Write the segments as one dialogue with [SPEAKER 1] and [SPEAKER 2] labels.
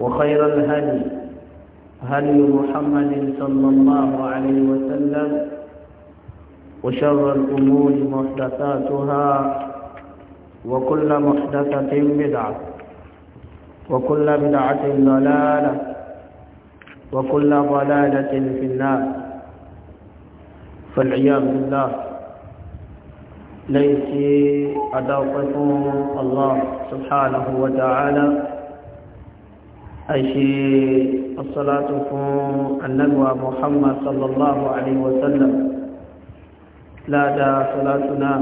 [SPEAKER 1] وخير الهدي هدي محمد صلى الله عليه وسلم وشر الأمور محدثاتها وكل محدثة بدعة وكل بدعة ضلالة وكل ضلالة في النار فالعياذ بالله ليس أدوقكم الله سبحانه وتعالى àṣe ọ̀sọ́látò fún annabuwa muhammad sallallahu alaihi wasallam ládàá ọ̀sọ́látò náà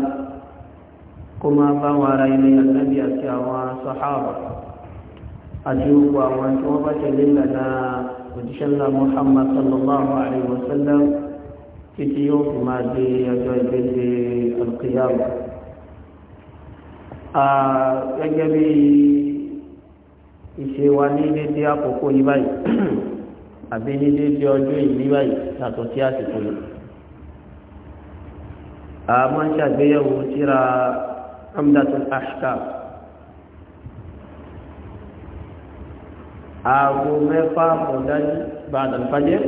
[SPEAKER 1] kó máa bá wọn ara ilé annabi àti àwọn sahaba àti gbogbo àwọn tí wọ́n bá tẹ̀lé ìlànà òjíṣẹ́lá muhammad sallallahu alaihi wasallam títí yóò fi máa di ọjọ́ ìgbésẹ̀ alkiyama gẹ́gẹ́ bíi ìṣe wa ní dédé àkókò yìí báyìí àbí ní dédé ọjọ́ ìní báyìí yàtọ̀ sí àsìkò yìí. a máa ń ṣàgbéyẹ̀wò síra amdatul ahkam aago mẹ́fà mọ̀dájú bàdàn fàjẹ́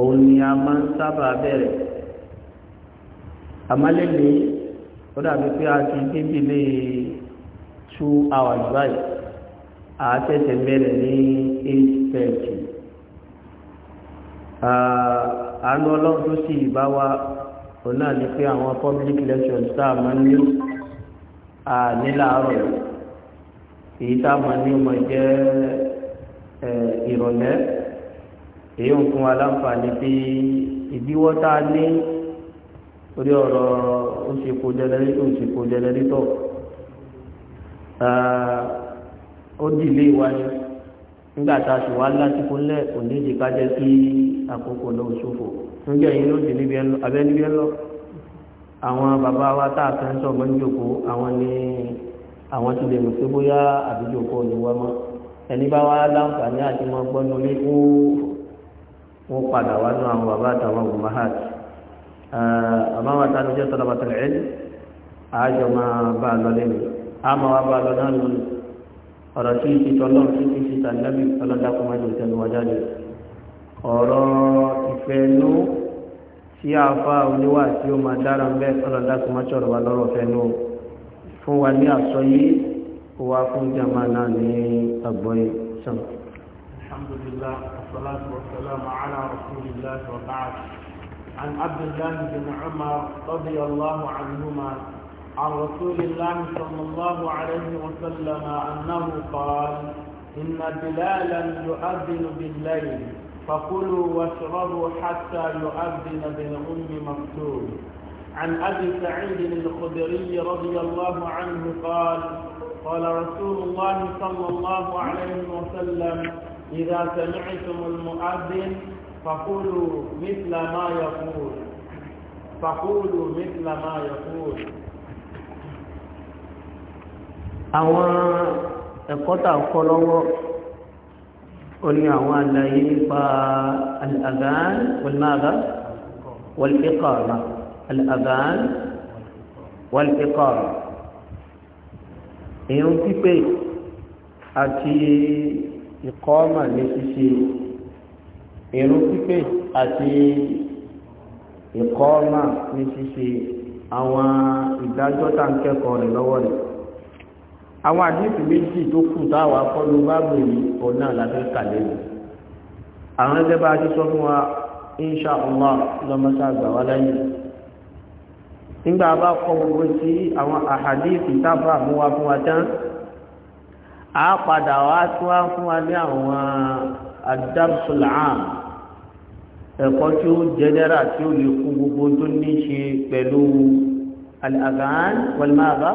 [SPEAKER 1] òun ni a máa ń sábà bẹ̀rẹ̀ àmálẹ́lẹ́ ó dàbí pé a ti débìlẹ̀ two hours báyìí àtẹ̀tẹ̀ bẹ̀rẹ̀ ní eight thirty àánú ọlọ́run tó sì bá wa òun náà ni pé àwọn public lectures tá a máa ń ní èyí tá a máa ní ọmọ jẹ́ ìrọ̀lẹ́ èyí ń fún wa láǹfààní pé ìdíwọ́ tá a ní orí ọ̀rọ̀ ó ṣe kó jẹnẹrétọ̀ ó ṣe ó dìlé wáyé nígbà tá a sì wá lásìkò lẹ onídìí ká jẹ kí àkókò náà ṣòfò níjẹ yìí ló dì níbi ẹlọ abẹ níbi ẹlọ àwọn bàbá wa tá a kàn sọ gbọ́n jòkó àwọn ní àwọn ti lè rò pé bóyá àbíjòkó ni wọ́n mọ́ ẹni bá wá láǹfààní àti mọ́ gbọ́n lórí ó wọ́n padà wá nù àwọn bàbá àtàwọn ọmọhat àmọ́ wọn ta ló jẹ́ tọ́lá bàtàlẹ́ àjọ máa bá a lọ lẹ́nu àmọ́ wa bá a lọ náà lónìí ọ̀rọ̀ tí ti tọ́lọ́ tí ti ti tàbí ọlọ́dàkùn máa jẹ́ ìtẹ́lú wájáde ọ̀rọ̀ ìfẹ́ ló tí a fa oníwà tí ó máa dára ń bẹ́ ọlọ́dàkùn máa sọ̀rọ̀ wa lọ́rọ̀ fẹ́ ló fún wa ní àsọyé wa fún jama náà ní àgbọ̀yé sàn. alhamdulillah wassalatu wassalamu ala rasulillah wa ba'd an عن رسول الله صلى الله عليه وسلم أنه قال إن بلالا يؤذن بالليل فكلوا واشربوا حتى يؤذن بالأم مكتوب عن أبي سعيد الخدري رضي الله عنه قال قال رسول الله صلى الله عليه وسلم إذا سمعتم المؤذن فقولوا مثل ما يقول فقولوا مثل ما يقول àwọn ẹ̀kọ́ tà ń kọ́ lọ́wọ́ ó ní àwọn àlàyé nípa al-adhan wal-madha wal-iqama al-adhan wal-iqama èèyàn pípé àti ìkọ́ọ̀mà ní ṣíṣe ìrun pípé àti ìkọ́ọ̀mà ní ṣíṣe àwọn ìdájọ́ ń kẹ́kọ̀ọ́ rẹ̀ lọ́wọ́ rẹ̀ àwọn àdéhùn méjì tó kù táwa kọlu báàbò yìí ọ̀nà làbẹ́ kàlẹ́ yìí àwọn ẹgbẹ́ bá a ti sọ fún wa insha allah lọ́mọṣá àgbà wa láyé nígbà bá kọ gbogbo sí àwọn àhàdéhùn tábà mú wa fún wa tán a padà wá tún wá fún wa ní àwọn adábùsùlàmù ẹ̀kọ́ tí ó jẹ́nẹ́rà tí ó lè kú gbogbo tó ní ṣe pẹ̀lú al-adhan wal-madha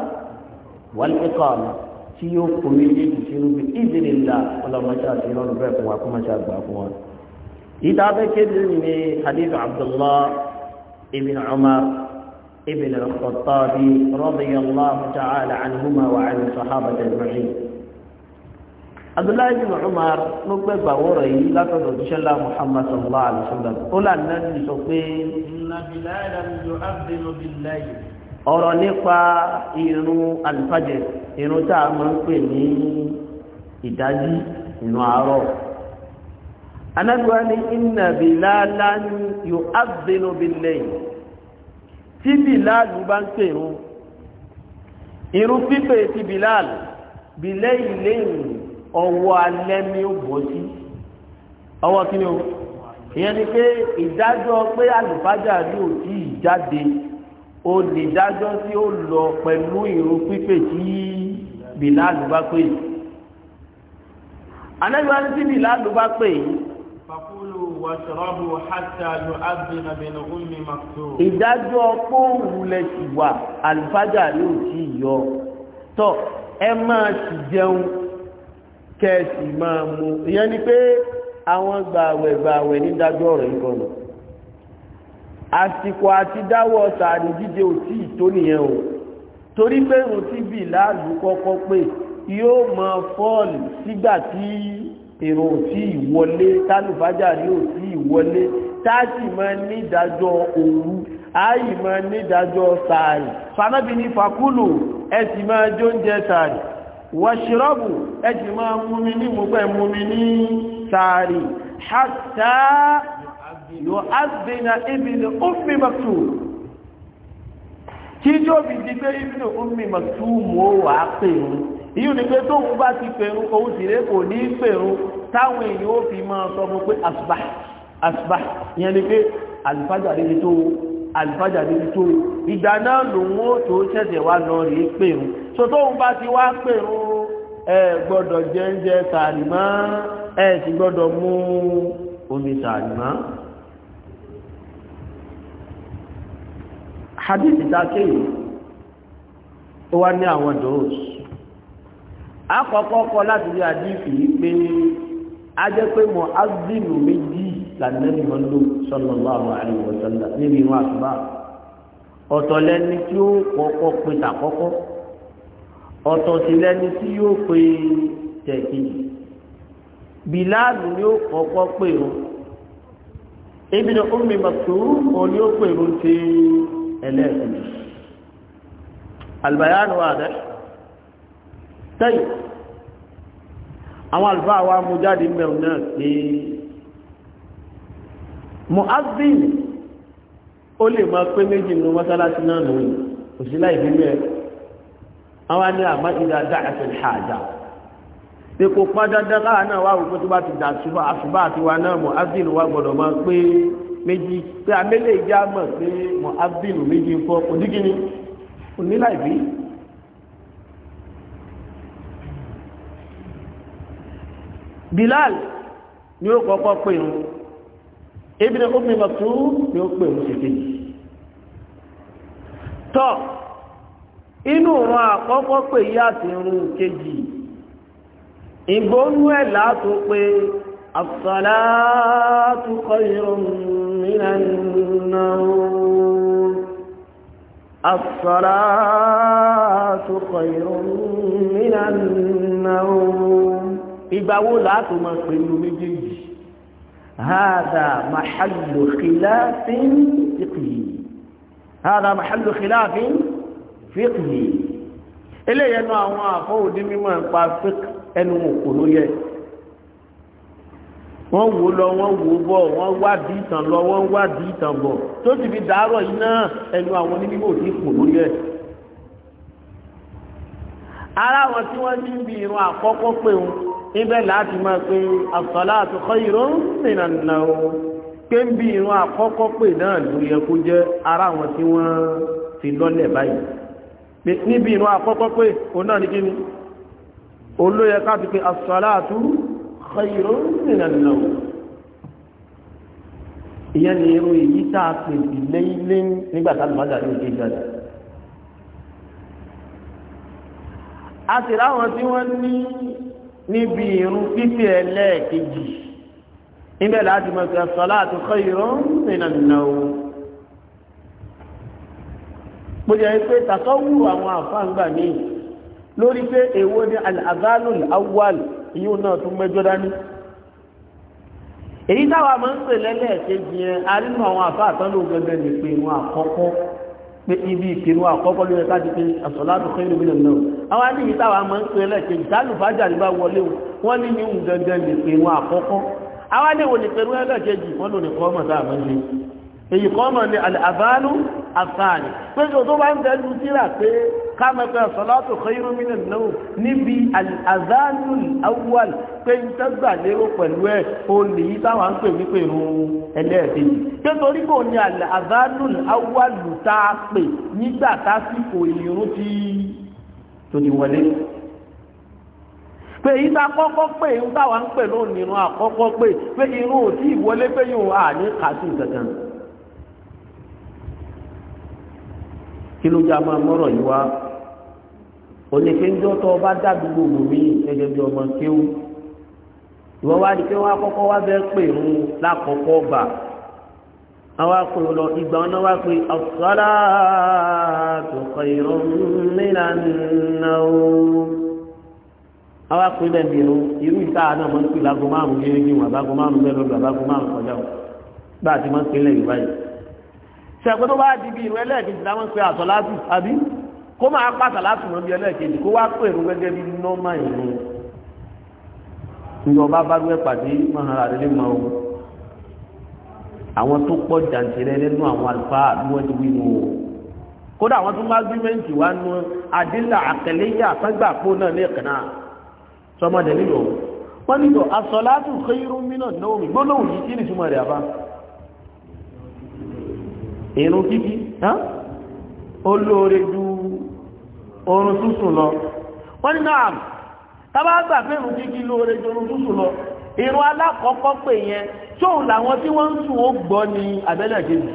[SPEAKER 1] wọ́n ní kọ́ ọ̀nà tí yóò kó méjèèjì sí rúbi ìdílé ńlá ọlọ́mọṣẹ́ àti ìrọ̀rùn bẹ́ẹ̀ fún wa kó máṣe àgbà fún wa. ìta bẹ́ẹ̀ kéde ní hadith abdullah ibn umar ibn al-khattab radiyallahu ta'ala anhuma wa an sahabati ajma'in. abdullah ibn umar ló gbé gbàwọ́rọ̀ yìí látọ̀dọ̀ tíṣẹ́lá muhammad sallallahu alayhi wa sallam ó là ń náà ní sọ pé. ìlànà ìlànà yóò ọ̀rọ̀ nípa irun alifajẹ irun tá a máa ń pè ní ìdájí inú àárọ̀ anábíwá ní inna bilalan yu'adhdhinu bil-layl tí bìláàlù bá ń pè irun irun pípè ti bìláàlù bil-layl lẹ́yìn ọwọ́ alẹ́ mi ó sí ọwọ́ kí ni o ìyẹn ni pé ìdájọ́ pé àlùfájà rí òtí ìjáde olùdájọ́ tí ó lọ pẹ̀lú ìrun pípé tí bìláàlù bá pè yìí anáyọ̀ àti bìláàlù bá pè yìí. fakulu wàṣọ́rọ́bù hatta lu abdina bin ummi maktum. ìdájọ́ pọ́ùn lẹ ti wà àlùfájà yóò ti yọ tọ́ ẹ máa ti jẹun kẹ́ẹ̀sì máa mu ìyẹn ni pé àwọn gbààwẹ̀ gbààwẹ̀ nídájọ́ ọ̀rọ̀ yìí àsìkò àti dáwọ́ sàárì jíjẹ ò tí ìtó nìyẹn o torí pé irun tí bí láàrú kọ́kọ́ pé yóò mọ fọ́ọ̀lù sígbà tí èrò ò tí ìwọlé tálùfájàrí ò tí ìwọlé táàtì mọ nídàájọ́ òru ààyè mọ nídàájọ́ sàárì fanábì ní fakúlù ẹ sì máa jóúnjẹ sàárì wàṣírọ́bù ẹ sì máa ní mú pẹ́ mumi ní sàárì hátà yóò ádìnà ìbìnà ummi maktum kí tó fi di pé ìbìnà ummi maktum ó wà á pèrún ìyí ni pé tóun bá ti pèrún òun sì rẹ kò ní pèrún táwọn èèyàn ó fi máa sọ fún pé asbah asbah ìyẹn ni pé àlùfájà níbi tó àlùfájà níbi tó ìdáná lòun ó tó ṣẹ̀ṣẹ̀ wá lọ rí pèrún so tóun bá ti wá pèrún ẹ gbọ́dọ̀ jẹ́ ń jẹ sàrìmọ́ ẹ sì gbọ́dọ̀ mú omi sàrìmọ́. hadithi dáké yìí ó wá ní àwọn dòós akọ̀kọ́ kọ láti rí hadithi yìí pé a jẹ́ pé mọ̀ azinu méjì lànàbí wọn sallallahu alaihi wasallam. sallam níbi wọn àtúbà ọ̀tọ̀ lẹni tí ó kọ́kọ́ pé tàkọ́kọ́ ọ̀tọ̀ sí lẹni tí yóò pé tẹ̀kejì bìláàdù ni ó kọ́kọ́ pè ó Ibn Ummi Maktum òun ni ó pè ó ti ẹlẹ́ẹ̀kejì albayanu adẹ́ tẹ́yì àwọn alfáà wa mú jáde mẹ́rin náà pé mu'azzin ó lè máa pé méjì nínú mọ́sálásí náà nù òsílá ìbílẹ̀ àwọn ní àmá ìdá dáàtẹ̀ ìhàjá pé kò pá dandan náà wá òkú tó bá ti dà ṣùgbọ́n àti wa náà mu'azzin wa gbọ́dọ̀ máa pé méjì pé amẹ́lẹ̀ ìjà mọ̀ pé mọ̀ abdul méjì ń fọ́ onígini oníláìbí. Bilal ni ó kọ́kọ́ pè ń ebi ní omi mọ̀tú ni ó pè ń ṣèkejì. tọ́ inú wọn àkọ́kọ́ pè yí àti irun kejì ìgbónú ẹ̀ látò pé. الصلاة خير من النوم الصلاة خير من النوم إباو لا تمثل مجيج هذا محل خلاف فقهي هذا محل خلاف فقهي إلا أنه أعفو دمي من فقه أنه مقلوية wọ́n wò lọ wọ́n wò bọ̀ wọ́n wá wádìí ìtàn lọ wọ́n wádìí ìtàn bọ̀ tó sì fi dàárọ̀ yìí náà ẹnu àwọn onímọ̀ òdì kù lórí ẹ̀. ara wọn tí wọ́n ní bí irun àkọ́kọ́ pé wọn ibẹ̀ láti máa pe as-salatu khayrun minan nawm pé ń bí irun àkọ́kọ́ pé náà ló yẹ kó jẹ́ ara wọn tí wọ́n fi lọ́lẹ̀ báyìí níbi irun àkọ́kọ́ pé òun náà ní kí ni olóyè ká ti pe as-salatu khayrun minan nawm ìyẹn ni irú èyí tá a pè sí léyìnlé nígbà tá a lè má dàrí òde jáde a sì ráwọn tí wọ́n ní níbi irun pípẹ́ ẹlẹ́ẹ̀kejì níbẹ̀ láti mọ̀ sí as-salatu khayrun minan nawm bóyá ẹgbẹ́ tàtọ́wù àwọn àfáǹgbà míì lórí pé èwo ni al-adhanul awwal yíò náà tún mẹ́jọ dání èyí táwa máa ń pè lẹ́lẹ́ẹ̀kejì yẹn a nínú àwọn àfa àtọ́lù gẹ́gẹ́ ní pé wọn àkọ́kọ́ pé ibi ìpinnu àkọ́kọ́ ló yẹ ká ti pé as-salatu khairu minan nawm àwọn àdìyí táwa máa ń pè èyí kọ́ mọ̀ ní àbánú àfààní pé kí o tó bá ń tẹ́lú síra pé kámẹ́kọ́ ṣọ́látò khairu minan nawm níbi àzánú awwal pé ń tẹ́gbà lérò pẹ̀lú ẹ̀ o lè yí táwọn ń pè ní pèrò ẹlẹ́ẹ̀kejì pé torí kò ní kọ́kọ́ pé ń táwọn ń pè lónìí irun àkọ́kọ́ pé pé irun ò tí ìwọlé pé yóò hà ní kàtó ìgbàgbọ́n kí ló já máa mọ́rọ̀ yìí wá oníkéńjọ́ tó o bá dàdúgbò wò mí gẹ́gẹ́ bí ọmọ kéwù ìwọ wá di pé wọn akọ́kọ́ wá bẹ́ẹ̀ pè ń lákọ̀ọ́kọ́ gbà àwọn akpè lọ ìgbà wọn wá pé as-salatu khayrun minan nawm àwọn akpè bẹ́ẹ̀ bí irú irú ìta àná mọ̀ ń pè lágọ́ márùn-ún gẹ́gẹ́ wọn àbágọ́ márùn-ún bẹ́ẹ̀ lọ́dọ̀ àbágọ́ márùn-ún kọjá wọn gbà tí wọ́n ń pè lẹ́yìn báyìí sẹ̀kọ́ tó bá di bí irun ẹlẹ́ẹ̀kejì láwọn ń pe àsọ̀látù àbí kó máa pàṣà láti mọ̀ bí ẹlẹ́ẹ̀kejì kó wá pè irun gẹ́gẹ́ bí nọ́mà irun ìjọba bá gbé pàdé mahara rẹ̀ mọ́ o àwọn tó pọ̀ jàǹtìrẹ́ nínú àwọn àlùfáà bí wọ́n ti wí mu o kódà àwọn tó bá gbímẹ́ǹtì wá nu àdínlà àkẹlẹ́yà sọ́gbà pò náà ní ìkànnà sọmọdé nílò wọ́n nílò àsọ̀látù khairu ni túmọ̀ èrò kíkí ó lóore ju oorun sísùn lọ wọ́n ní náà tábàgbà pé èrò kíkí lóore ju oorun sísùn lọ èrò alákọ̀ọ́kọ́ pè yẹn tóun làwọn tí wọ́n ń sùn ó gbọ́ ní abẹ́lẹ̀ kejì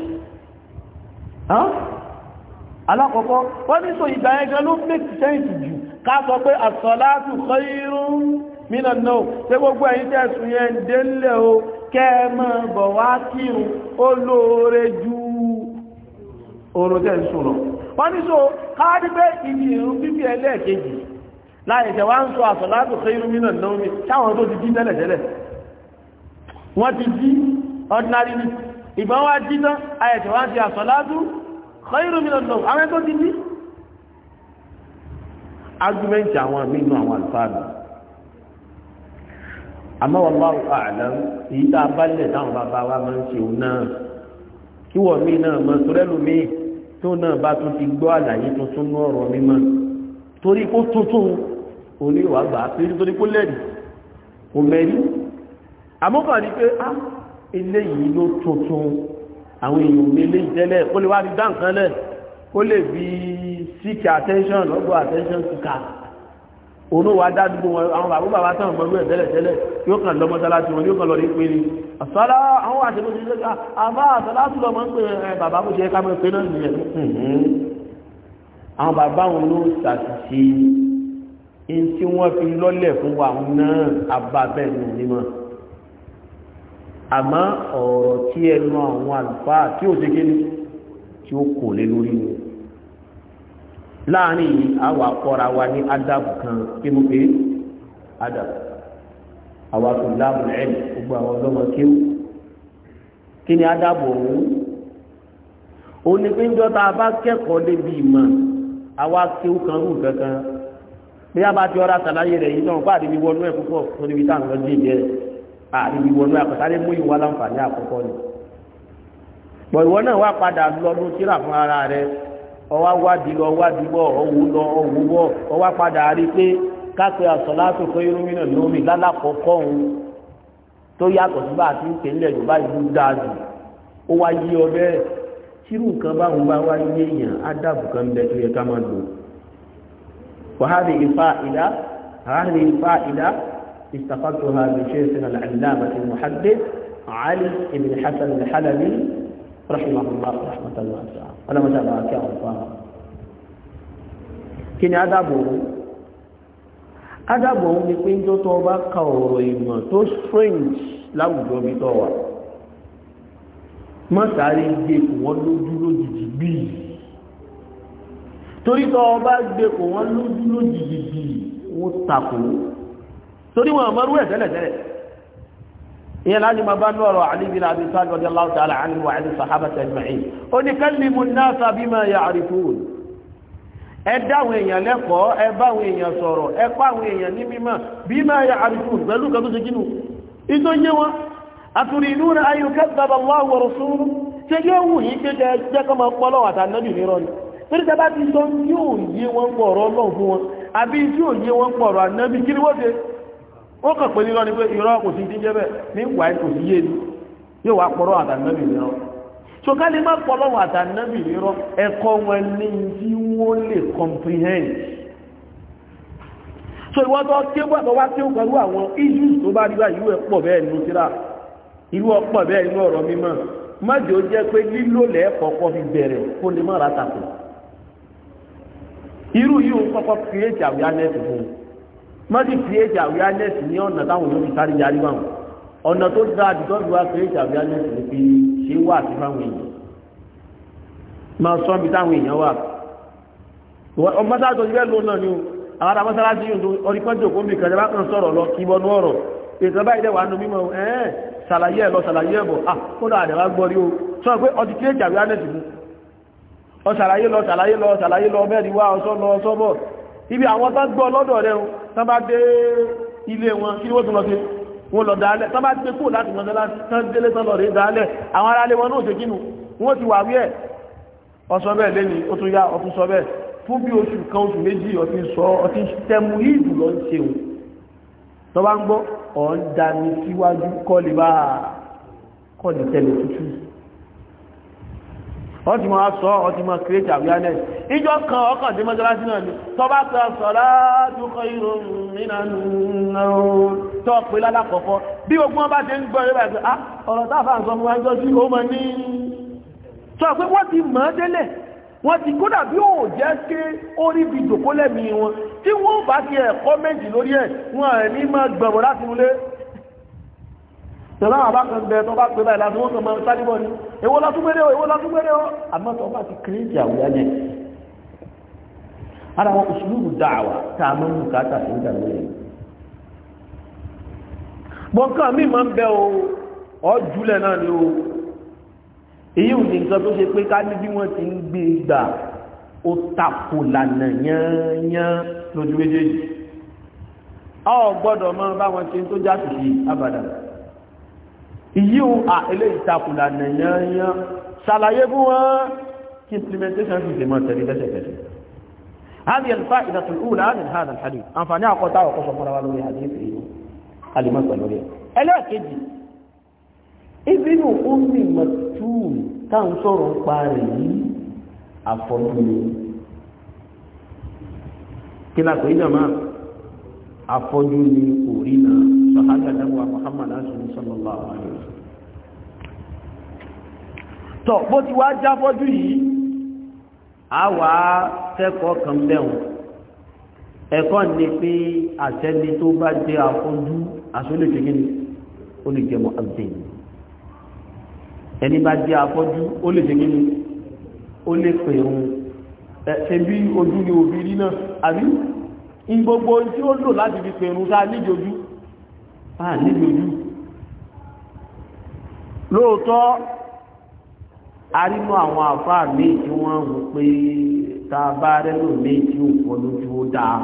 [SPEAKER 1] alákọ̀ọ́kọ́ wọ́n ní sọ ìgbà ẹgbẹ́ ló mẹ́kì sẹ́yìntì jù ká sọ pé àsọ̀látù khairun minan nawm pé gbogbo ẹ̀yìn tẹ́sùn yẹn délẹ̀ o kẹ́ẹ̀mọ́ bọ̀ wá ó lóore ju oorun tẹ́ ń sùn lọ wọ́n ní so káàdì pé ìdí ìrún bíbí ẹlẹ́ẹ̀kejì láì tẹ̀ wá ń sọ àsọ̀látò kéyìrú mínà náà ní táwọn tó ti jí tẹ́lẹ̀ tẹ́lẹ̀ wọ́n ti jí ordinary ní ìgbọ́n wá jí tán ayẹ̀tẹ̀ wá ń ti àsọ̀látò kéyìrú mínà náà àwọn tó ti jí argument àwọn mínú àwọn àlùfáàdù àmọ́ wallahu a'lam èyí tá a bá lẹ̀ táwọn bàbá wa máa ń ṣe òun náà kíwọ̀ mí náà mọ́ torẹ́lù mí tó náà bá tún ti gbọ́ àlàyé tuntun ní ọ̀rọ̀ mímọ́ torí kó tuntun òní ìwà gbà pé nítorí kó lẹ́rì kò mẹ́rí àmọ́kàn ní pé á eléyìí ló tuntun àwọn èèyàn mélé ìtẹ́lẹ̀ kó lè wá ní dá nǹkan lẹ̀ kó lè fi seek attention lọ́gbọ̀ attention seeker olówó adádúgbò wọn àwọn bàbá bàbá tán gbọ́rú ẹ̀ tẹ́lẹ̀ tẹ́lẹ̀ yóò kàn lọ mọ́sálásí wọn yóò kàn lọ rí pé ní àsálá àwọn àṣẹ́bó ti lẹ́ka àbá àsálá tún lọ mọ́ ń pè ẹ bàbá bó ṣe ká mọ́ pé náà nìyẹn àwọn bàbá wọn ló ṣàṣìṣe in tí wọ́n fi lọ́lẹ̀ fún wa náà abábẹ́ nù nímọ̀ àmọ́ ọ̀rọ̀ tí ẹnu àwọn àlùfáà tí ò láàrin yìí àwọn akọ́ra wa ní kan kí mú pé àwọn láàbù gbogbo àwọn ọlọ́mọ kí ni ádàbù òun ó ní pé bá kẹ́kọ̀ọ́ débi ìmọ̀ kan rú kankan bí a bá ti ọ̀rá sàlàyé rẹ̀ yìí náà pàdé wíwọ inú ẹ̀ púpọ̀ níbi tá à ń lọ dé ara rẹ̀ ọwá wádìí lọ wádìí bọ̀ ọwọ́ lọ ọwọ́ bọ̀ ọwá padà rí pé kápẹ́ àsọ̀látò fún irúmìnà lómi lálàkọ̀ọ́kọ́ òun tó yàtọ̀ sí bá a ti ń pè nílẹ̀ yorùbá ìlú dáa jù ó wá yí ọ bẹ́ẹ̀ tírú nǹkan báwọn bá wá yé èèyàn ádàbù kan bẹ tó yẹ ká máa lò wàhálì ìfà ìdá wàhálì ìfà ìdá استفدتها من شيخنا العلامة المحدث علي بن حسن الحلبي رحمه الله رحمة الله تعالى ọlọ́mọdé àbáwá kí àwọn fún àwọn. kí ni adábò òun adábò òun ni pé níjọ́ tó bá ka ọ̀rọ̀ ìmọ̀ tó strange láwùjọ mi tó wà má sáré gbé kò wọ́n lójú lójijì bíi torí tó bá gbé kò wọ́n lójú lójijì bíi wọ́n takò torí wọn àmọ́rú ẹ̀ tẹ́lẹ̀tẹ́lẹ̀ ìyẹn láti máa bá ní ọ̀rọ̀ Ali bin Abi Talib radiyallahu ta'ala anhu wa ali sahabati ajma'in ó ní kallimu an-nasa bima ya'rifun ẹ dáwọn èèyàn lẹ́kọ̀ọ́ ẹ báwọn èèyàn sọ̀rọ̀ ẹ páwọn èèyàn ní mímọ̀ bima ya'rifun pẹ̀lú kan tó ṣe kínú ìtò yé wọn aturiduna an yukazzaba Allahu wa rasuluhu ṣe yóò wù yí pé jẹ́ kọ́ máa pọ́lọ́ àtànẹ́bì nírọ́ ni torí tẹ́ bá ti sọ yóò yé wọn pọ̀rọ̀ ọlọ́run fún wọn àbí tí ò yé wọn pọ̀rọ̀ ànẹ́bì kí ni wọ́n ṣe ó kàn pé nílọ ni pé irọ́ kò sí jíjẹ́ bẹ́ẹ̀ ní ìwà kò sí yé ni yóò wá pọ̀rọ̀ so ká lè má pọ̀lọ́wọ̀ àtànábì nírọ́ ẹ̀kọ́ wọn ní tí wọ́n lè comprehend so ìwọ́n tó ké bọ́tọ̀ wá ké pẹ̀lú àwọn issues tó bá ríra ìlú ẹ̀ pọ̀ bẹ́ẹ̀ nínú síra ìlú ọ̀pọ̀ bẹ́ẹ̀ nínú ọ̀rọ̀ mímọ́ jẹ́ pé lílò fi bẹ̀rẹ̀ kó lè má ra irú yìí má sì create awareness ní ọ̀nà táwọn yóò fi sáré yarí báwọn ọ̀nà tó dáa jù tọ́jú wá create awareness ní pé ṣé wà sí fáwọn èèyàn máa sọ bí táwọn èèyàn wà ọmọ sáà tó ti ni o àwọn ará yìí tó òkú mi sọ̀rọ̀ lọ kí bọnú ọ̀rọ̀ ètò báyìí dẹ̀ wà nù mímọ́ ẹ̀ẹ́n ṣàlàyé ẹ̀ lọ ṣàlàyé ẹ̀ bọ̀ à ah, kódà ọ ibi àwọn tán gbọ́ lọ́dọ̀ rẹ̀ tán bá dé ilé wọn kí wọ́n tún lọ sí wọ́n lọ dálẹ̀ tán bá gbé kúrò láti mọ́sálásí tán délé tán lọ rí dálẹ̀ àwọn aráalé wọn náà ṣe kínú wọ́n ti wà wí ẹ̀ ọsọ bẹ́ẹ̀ lẹ́ni ó tún yá ọtún sọ bẹ́ẹ̀ fún bí oṣù kan oṣù méjì ọtí sọ ọtí tẹmu ìlú lọ ń ṣeun tó bá ń gbọ́ ọ̀ ń dami síwájú kọ́lé bá kọ́lé tẹ̀lé tútù wọ́n ti máa sọ wọ́n ti máa create awareness ìjọ kan ọkàn tí mọ́sálásí náà ni tó bá sọ salatu khairun minan nawm tó pé lálàkọ̀ọ́kọ́ bí ogun ọba ti ń gbọ́ ah ọ̀rọ̀ táfà ń sọ fún wájọ́ sí ó mọ ní sọ pé wọ́n ti mọ̀ ọ́ délẹ̀ wọ́n ti kódà bí ó jẹ́ ké orí bí ìdòkólẹ́mì tẹ̀lá àbá kan bẹ tó bá pè báyìí láti wọ́n kan máa sáré bọ́ ni èwo látúgbére o èwo látúgbére o àmọ́ tó bá ti kírèjì àwòyá yẹn ara wọn òṣùlùmù dáàwà tá a máa ń bùkátà sí ìgbà lóye gbọ́nkàn mi máa ń bẹ o ọ̀júlẹ̀ náà ni o èyí ò ní nǹkan tó ṣe pé ká ní bí wọ́n ti ń gbé gbà ó tako lànà yányán lójú méjèèjì a ò gbọ́dọ̀ máa bá wọn ṣe tó já sí sí abàdàn ìyí o à ilé ìtakùlà nìyànyàn ṣàlàyé fún wọn kí implementation fi lè tẹ̀lé lẹ́sẹ̀kẹsẹ̀ هذه الفائدة الأولى من هذا الحديث أنفعني أقول تعالى قصة مرة ولو حديث الإمام الولي ألا كجي ابن أم مكتوم تنصر قاري أفضل kila ko ijama afọ́jú ni orina sahaba nabuwa muhammad sallallahu alaihi tọ̀ bó ti wá jáfọ́jú yìí a wà á kẹ́kọ̀ọ́ kan bẹ̀rùn ẹ̀kọ́ ni pé àṣẹni tó bá jẹ́ afọ́jú aṣọ́lẹ̀ṣẹ́ kí ni ó lè jẹ́ mọ́ àbẹ̀yìn ẹni bá jẹ́ afọ́jú ó lè jẹ́ kí ni ó lè pè òun ẹ̀ṣẹ̀bí ojú ni òbírí náà àbí in gbogbo tí ó lò láti fi pè òun sáà níjì ojú arínú àwọn àfáà míì tí wọ́n ń pè tá a bá rẹ́lò míì tí ó pọ̀ lójú ó dáa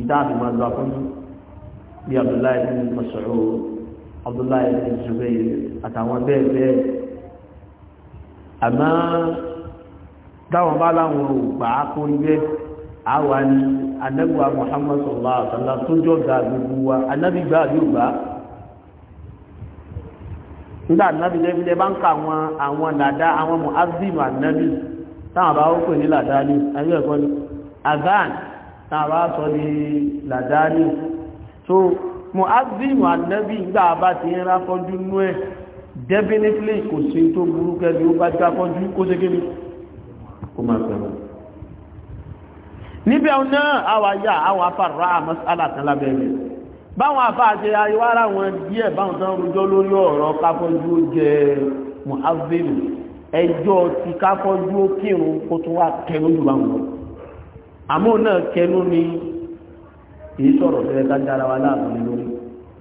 [SPEAKER 1] ìdáàbì máa lọ afọ́njú bí Abdullahi bin Mas'ud Abdullahi bin Zubair àtàwọn bẹ́ẹ̀ bẹ́ẹ̀ àmọ́ táwọn bá láwọn ò gbà á kó ibẹ̀ àwa ni anábìwá Muhammad sallallahu alaihi tó jọ gbà gbogbo wa anábìgbà yóò gbà á nígbà nàbí lẹ́bí lẹ́bá ń ka àwọn àwọn làdá àwọn mu'azzim ànábì táwọn bá wọ́pẹ̀ ní làdá ní ayé ẹ̀kọ́ ní azan táwọn bá sọ ní làdá ní so mu'azzim ànábì nígbà bá ti ń rákọ́jú nú ẹ̀ definitely kò sí tó burú kẹ́lí ó bá ti rákọ́jú kó ṣe kébi kó máa fẹ́ràn níbẹ̀ náà àwa yá àwọn afárá àmọ́ alátàlábẹ́rẹ́ báwọn àfáàṣe ayéwárà wọn díẹ̀ báwọn tán rújọ́ lórí ọ̀rọ̀ káfọ́jú jẹ muhammadu ẹjọ́ ti káfọ́jú kírun kó tún wá kẹnu jù báwọn lọ náà kẹnu ni èyí sọ̀rọ̀ fẹ́rẹ́ ká dára wa láàbùn lórí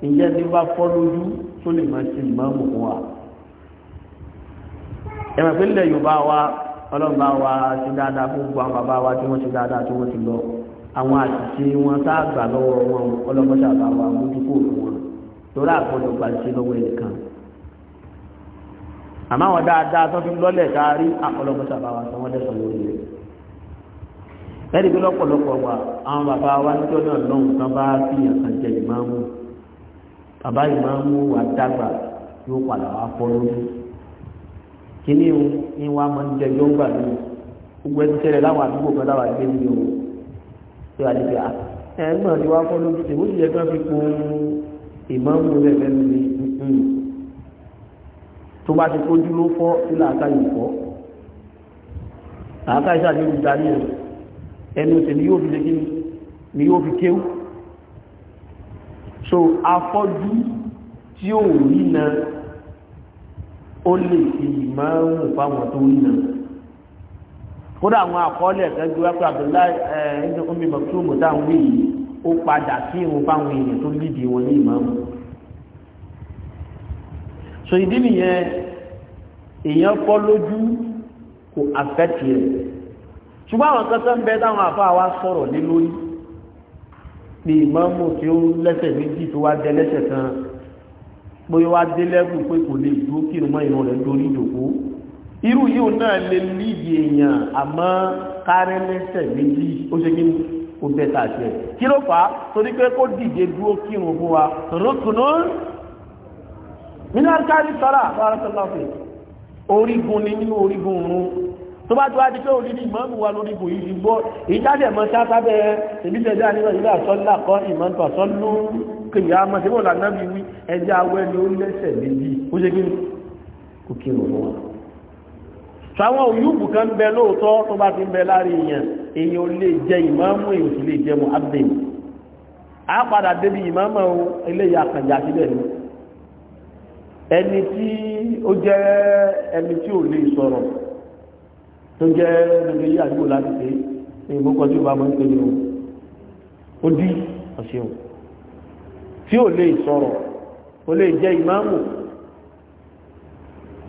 [SPEAKER 1] ìjẹ́ tí bá fọ́ lójú tó lè máa ṣe ìmáàmù fún wa ẹ̀mọ̀ pé ilẹ̀ Yorùbá wa ọlọ́run bá wa ṣe dáadáa fún gbogbo àwọn bàbá wa tí wọ́n ṣe dáadáa tí wọ́n ti lọ àwọn àṣìṣe wọn tá a gbà lọ́wọ́ wọn ọlọ́mọdé àbáwá mójúkó òfin wọn torí àgbọ̀dọ̀ gba ṣe lọ́wọ́ ẹnìkan àmọ́ àwọn dáadáa tó fi lọ́lẹ̀ kárí ọlọ́mọdé àbáwá sọ wọ́n lẹ́sọ̀ lórí rẹ̀ ẹ̀rí bí lọ́pọ̀lọpọ̀ wà àwọn bàbá wa níjọ́ náà lọ́hùn tán bá fi àkàn jẹ ìmáàmù bàbá ìmáàmù wà dàgbà yóò padà wá fọ́ lórí kíní ìwà máa ń jẹjọ́ ń gbà lórí gbogbo ẹni tẹ́lẹ̀ láwọn àdúgbò kan láwọn àgbẹ̀ nìyẹn tó wà níbi à ẹgbọ́n ti wá fọ́ lójú tèmi ó sì yẹ kí wọ́n fi kún ìmọ̀ọ́mù rẹ̀ lẹ́nu ní tó bá ti kójú ló fọ́ sí làákàyè fọ́ làákàyè sáà ní olùdarí rẹ̀ ẹnu tèmi yóò fi lé kí ni yóò fi kéwù so afọ́jú tí ò rí na ó lè fi ìmọ̀ọ́mù fáwọn tó rí na kódà àwọn àkọọ́lẹ̀ ẹ̀gbẹ́jú wákò Abdullahi ẹ̀ẹ́dùn omi mọ̀túmù táwọn wí yìí ó padà sí ìwọ̀n fáwọn èèyàn tó lídìí wọn ní ìmáàmù so ìdí nìyẹn èèyàn fọ́ lójú kò àfẹ́tì rẹ̀ ṣùgbọ́n àwọn kan ń bẹ táwọn àfáà wa sọ̀rọ̀ lé lórí pé ìmáàmù tí ó lẹ́sẹ̀ méjì tó wá jẹ lẹ́sẹ̀ kan pé wá dé lẹ́kùn pé kò lè dúró kírun mọ́ ìrun rẹ̀ lórí ìdòkó irú yíò náà lè líbi èèyàn àmọ́ kárẹ́ lẹ́sẹ̀ méjì ó ṣe kí ó bẹ́ta ṣe kí ló fà á torí pé kó dìde dúró kírun fún wa rúkùnú nínú àkárí sọ́ra fara sọ́láfẹ́ orígun ni nínú orígun òun tó bá tó wá di pé òdìdí ìmọ̀ọ́mù wa lórígun yìí ti gbọ́ ìjáde ẹ̀mọ́ sáfá bẹ́ẹ̀ èmi tẹ̀lé àníwá ìlú àsọ́lá kọ́ ìmọ̀ọ́tò àsọ́lú kìyà mọ̀ sí wọ́n lànà bí wí ẹja awẹ́ ni ó lẹ́sẹ̀ méjì ó ṣe kí ó kírun fún wa sáwọn òyúbù kan ń bẹ lóòótọ́ tó bá ti ń bẹ láàrin èèyàn èèyàn ò lè jẹ ìmáàmù èèyàn sì lè jẹ mọ́ abdé a padà débi ìmáàmù eléyìí àkànjà síbẹ̀ ni ẹni tí ó jẹ́ ẹni tí ò lè sọ̀rọ̀ tó jẹ́ ẹni yí àdúgbò láti pé ìmúkọ tí bá máa ń o ó dí ọ̀ṣẹ́ o tí ò lè sọ̀rọ̀ ó lè jẹ́ ìmáàmù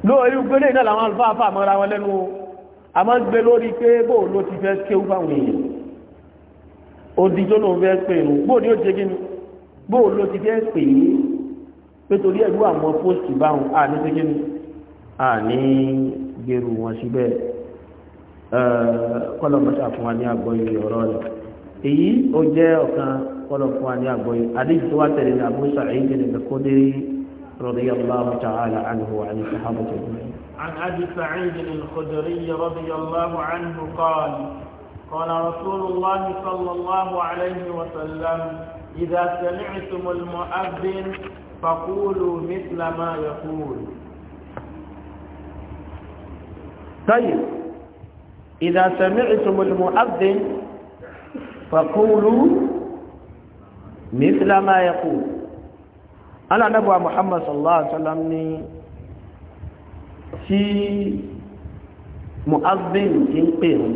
[SPEAKER 1] lórí gbélé náà làwọn alfáàfà mọ́ra wọn lẹ́nu a máa ń gbé lórí pé bó ló ti fẹ́ kéwú fáwọn èèyàn òdìjọ́ ló fẹ́ pè ní bó ní ó ṣe kí ni bó ló ti fẹ́ pè ní pétorí ẹ̀rú àwọn pósìtì báwọn àní ṣe kí àní gbèrú wọn síbẹ̀ kọ́lọ̀mọ́sà fún wa ní àgbọ́yé ọ̀rọ̀ rẹ̀ èyí ó jẹ́ ọ̀kan kọ́lọ̀ fún wa ní àgbọ́yé àdéjì tó wá tẹ̀lé ní Abu رضي الله تعالى عنه وعن الصحابة عن أبي سعيد الخدري رضي الله عنه قال قال رسول الله صلى الله عليه وسلم إذا سمعتم المؤذن فقولوا مثل ما يقول طيب إذا سمعتم المؤذن فقولوا مثل ما يقول alánàbọ̀ Muhammad sallallahu alaihi wasallam ní tí muazzin ti ń pè wọn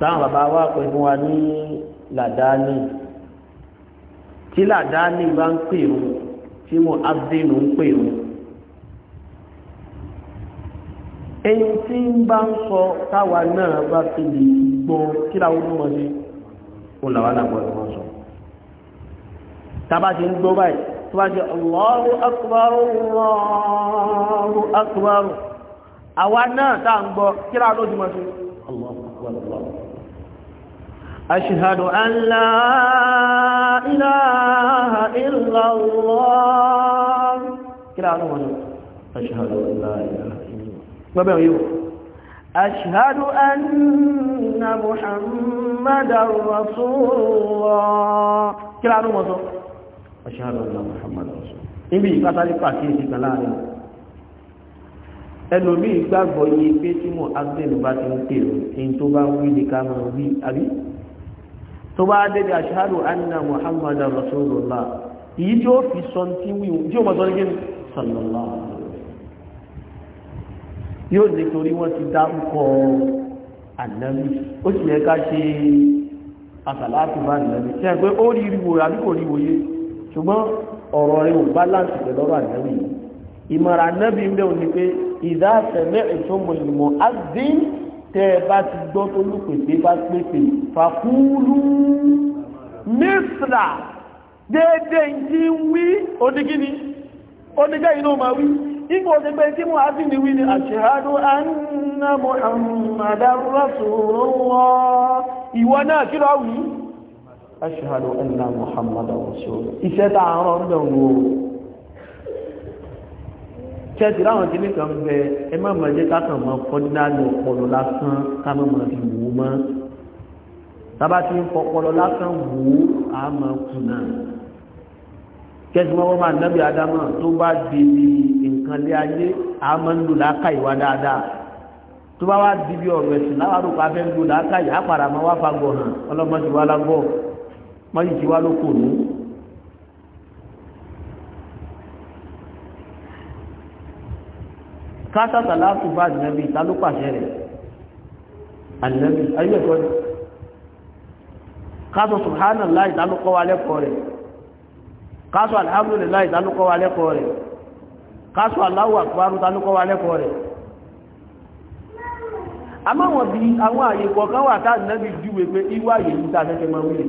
[SPEAKER 1] táwọn bàbá wa pè fún wa ní làdáni tí làdáni bá ń pè wọn muazzin ń pè wọn èyí tí ń bá ń sọ táwa náà bá fi lè gbọ́ kí làwọn ọmọ sí làwọn àgbọ̀dọ̀ wọn sọ tàbá ti ń gbó báyìí tó bá jẹ́ Allahu akbar Allahu akbar àwa náà tá à ń gbọ́ kíra ló ti mọ̀ sí Allahu akbar ashhadu an la ilaha kíra ló mọ̀ sí أشهد أن محمد رسول الله كلا نمو aṣáàlọ́ ọ̀nà muhammadu rasul níbi ìkátàlí pàkíyèsí kan láàrin ẹlòmíì gbàgbọ́ iye pé tí mo agbẹ́nu bá ti ń pèrò ẹni tó bá wí ní ká máa wí àbí tó bá débi aṣáàlù anna muhammadu rasulullah èyí tí ó fi sọ tí wí tí ó mọ̀ sọ ní kí sallallahu yóò nítorí wọ́n ti dárúkọ ànábì ó ṣùgbọ́n ọ̀rọ̀ rẹ̀ balance pẹ̀lú ọ̀rọ̀ ànábì yìí ìmọ̀ràn ànábì ń bẹ̀rù ni pé ìdá àtẹ̀lẹ́ ètò mọ̀lìmọ̀ azín tẹ́ ẹ bá ti gbọ́ tó lùpèsè bá pèsè fàkúrú mísìlà déédéé ń wí onígíní onígẹ́ inú ma wí ipò ti pé tí mo á sì ní wí ni àṣehádó anna muhammadan rasulullah ìwọ náà kí lọ wí aṣíhàdù ẹ̀nà muhammadu rasulu iṣẹ́ tá a rán bẹ̀ wò ṣẹ́tì láwọn tí ní kan bẹ ẹ má mọ̀ jẹ́ kákan mọ́ fọ́dínláàlì ọpọlọ lásán ká má mọ̀ fi wò mọ́ tábà tí ń fọpọlọ lásán wò á mọ̀ kùnà kẹ́sìmọ́ wọn máa nábì adámọ̀ tó bá di bí nǹkan wá di ọ̀rọ̀ ẹ̀sìn láwárò pa ń lò láká àpàràmọ́ wá fagbọ̀ hàn ọlọ́mọdé wa lágbọ́ mọ́yì tí wá ló kò ní kásàtà látù bá àdìnẹ́bí ìta ló pàṣẹ rẹ̀ àdìnẹ́bí ayé ẹ̀kọ́ rẹ̀ kásọ subhanallah ìta ló kọ́ wa lẹ́kọ̀ọ́ rẹ̀ kásọ alhamdulillah ìta ló kọ́ wa lẹ́kọ̀ọ́ rẹ̀ kásọ Allahu akbar ìta ló kọ́ wa lẹ́kọ̀ọ́ rẹ̀ àmọ́ àwọn àyè wà táà nẹ́bí júwe pé ìwà yìí ń ta afẹ́fẹ́ máa wílẹ̀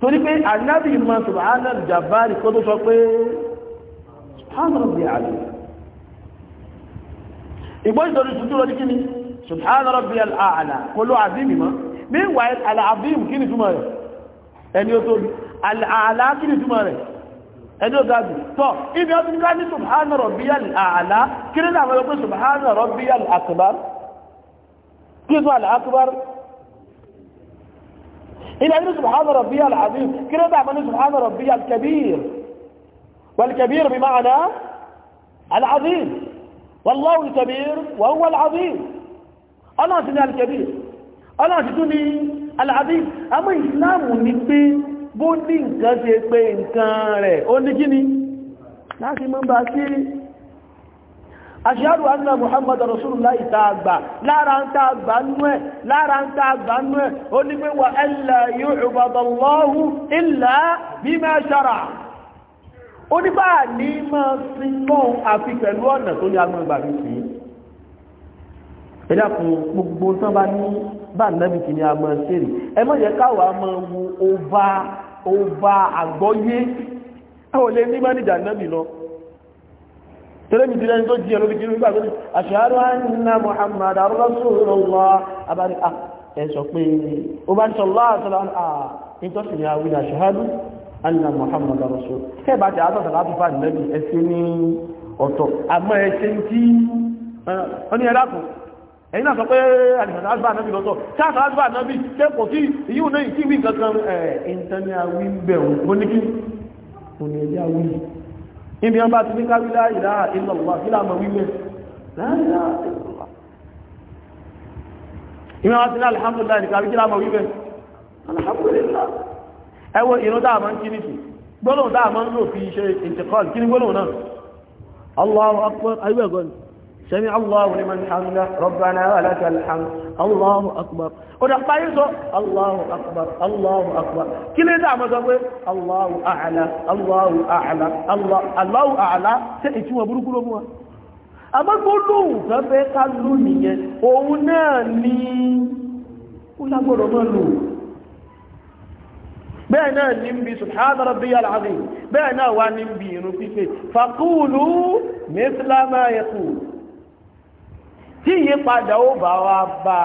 [SPEAKER 1] torí pé anábì ma subhana jabari kó tó sọ pé subhana rabbi ala ìgbó ìtorí tuntun lọ ní kíni subhana rabbi ala kó ló azimi ma meanwhile al'azim kíni túmọ̀ rẹ̀ ẹni ó tóbi al'ala kíni túmọ̀ rẹ̀ ẹni ó gáàbì tọ́ ibi ọdún ká ní subhana rabbi ala kíni náà mọ́ subhana rabbi al-akbar kí إلى أن سبحان ربي العظيم كنا تعمل سبحان ربي الكبير والكبير بمعنى العظيم والله الكبير وهو العظيم الله سنة الكبير الله سنة العظيم أما إسلام نبي بني كسي بين كاري أولي جني ناسي من باسيري aṣíhàrù anna muhammad rasulullah ìtaàgbà lára ń taàgbà nú ẹ̀ lára ń taàgbà nú ẹ̀ ó ní pé wà ẹ̀lẹ̀ yóò ìbàdànlọ́hù ilẹ̀ bí máa ṣára ó ní bá ní máa sin lọ́hùn àfi pẹ̀lú ọ̀nà tó ní agbọn ìgbà mi sí ẹ̀dàkùn gbogbo tẹ́lẹ̀mì tí lẹ́yìn tó jí ẹ̀lú ìjírú nígbà tó ní ashhadu anna Muhammad rasulullah abárí à ah, ẹ̀sọ̀ pé ó bá ń sọ láàtọ́lá nítọ́sí ni àwọn ashhadu anna Muhammad rasul kẹ́ẹ̀bá ti àtọ́sà láti fà nílẹ́bì ẹsẹ́ ní ọ̀tọ̀ àmọ́ ẹsẹ́ tí wọ́n ní ẹ̀dàkùn ẹ̀yìn náà sọ pé àdìsàdà àgbà náà bí lọ́tọ̀ sáàtà àgbà náà bí kẹ́kọ̀ọ́ sí ìyíwò náà ìtí ìwé nǹkan kan àwí bẹ̀rù mo ní kí ní ẹjẹ́ àwí ibi ọba ti ní kárí láìlá ìlọ̀wà sílámọ̀ wíwẹ̀ láìlá ìlọ̀wà ìmọ̀ wá sí alhamdulillah ní kárí sílámọ̀ wíwẹ̀ alhamdulillah ẹwọ ìrún dáàmọ́ kí ní sí gbọ́nà dáàmọ́ lò fi iṣẹ́ ìtẹ̀kọ́ sami Allahu liman hamda rabbana wa lakal hamd Allahu akbar o da paye so Allahu akbar Allahu akbar kile da ma so pé Allahu a'la Allahu a'la Allah Allahu a'la se ti wa burúkú lo mu wa ama gbólóhùn kan fẹ́ ká lò nìyẹn òun náà ni ó lágbọ́dọ̀ mọ́ lò bẹ́ẹ̀ náà ní bí subhana rabbiyal azim bẹ́ẹ̀ náà wá ní bí irun pípé faqulu mithla ma yaqulu tí ìyípadà ó bá wá bá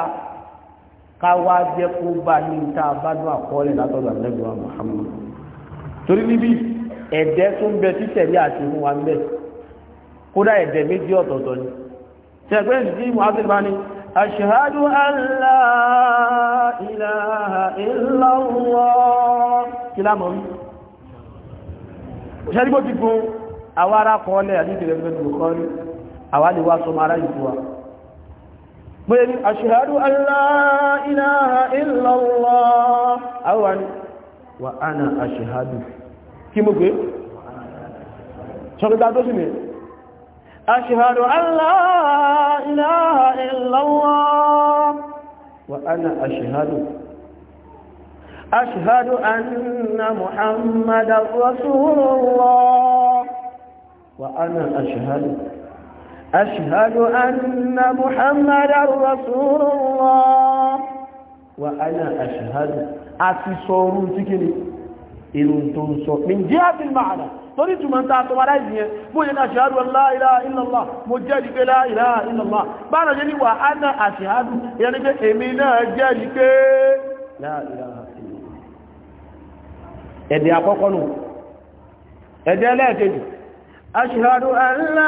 [SPEAKER 1] ká wá jẹ́ kó bá ní ìta àbádùn àkọọ́lẹ̀ látọ̀dọ̀ àlẹ́gbẹ̀wà Muhammad torí níbi ẹ̀dẹ́ tó ń bẹ títẹ̀lé àti ìmú wa ń bẹ kódà ẹ̀dẹ́ méjì ọ̀tọ̀ọ̀tọ̀ ni ṣẹ̀pẹ́ ìsìnkú ìmú áfíríkà ni ashhadu an la ilaha kí lámọ̀ rí ṣẹ́rígbó ti gun àwa ara kọ́ọ́lẹ̀ àdíjẹ̀rẹ̀ fẹ́ pé ní aṣíhádù
[SPEAKER 2] aláìláha ìlàlá
[SPEAKER 1] àwọn wà ánà aṣíhádù kí mú pé ṣọ́gbẹ́ta tó sì ní aṣíhádù aláìláha ìlàlá wà ánà aṣíhádù aṣíhádù anna muhammadar rasulullah wà ánà aṣíhádù أشهد أن محمد رسول الله وأنا أشهد أتصور تكني إن تنصر من جهة المعنى torí túnmọ̀ ń tààtọ̀ wà láìsí yẹn bóyẹ ní aṣíhádù aláìlá ìlàlá mo jẹ́rìí pé láìlá ìlàlá bára jẹ́ níwà á ná aṣíhádù ìyẹn ni pé èmi náà jẹ́rìí pé láìlá ẹ̀dẹ̀ àkọ́kọ́ nù ẹ̀dẹ̀ ẹlẹ́ẹ̀kejì aṣíhádù aláìlá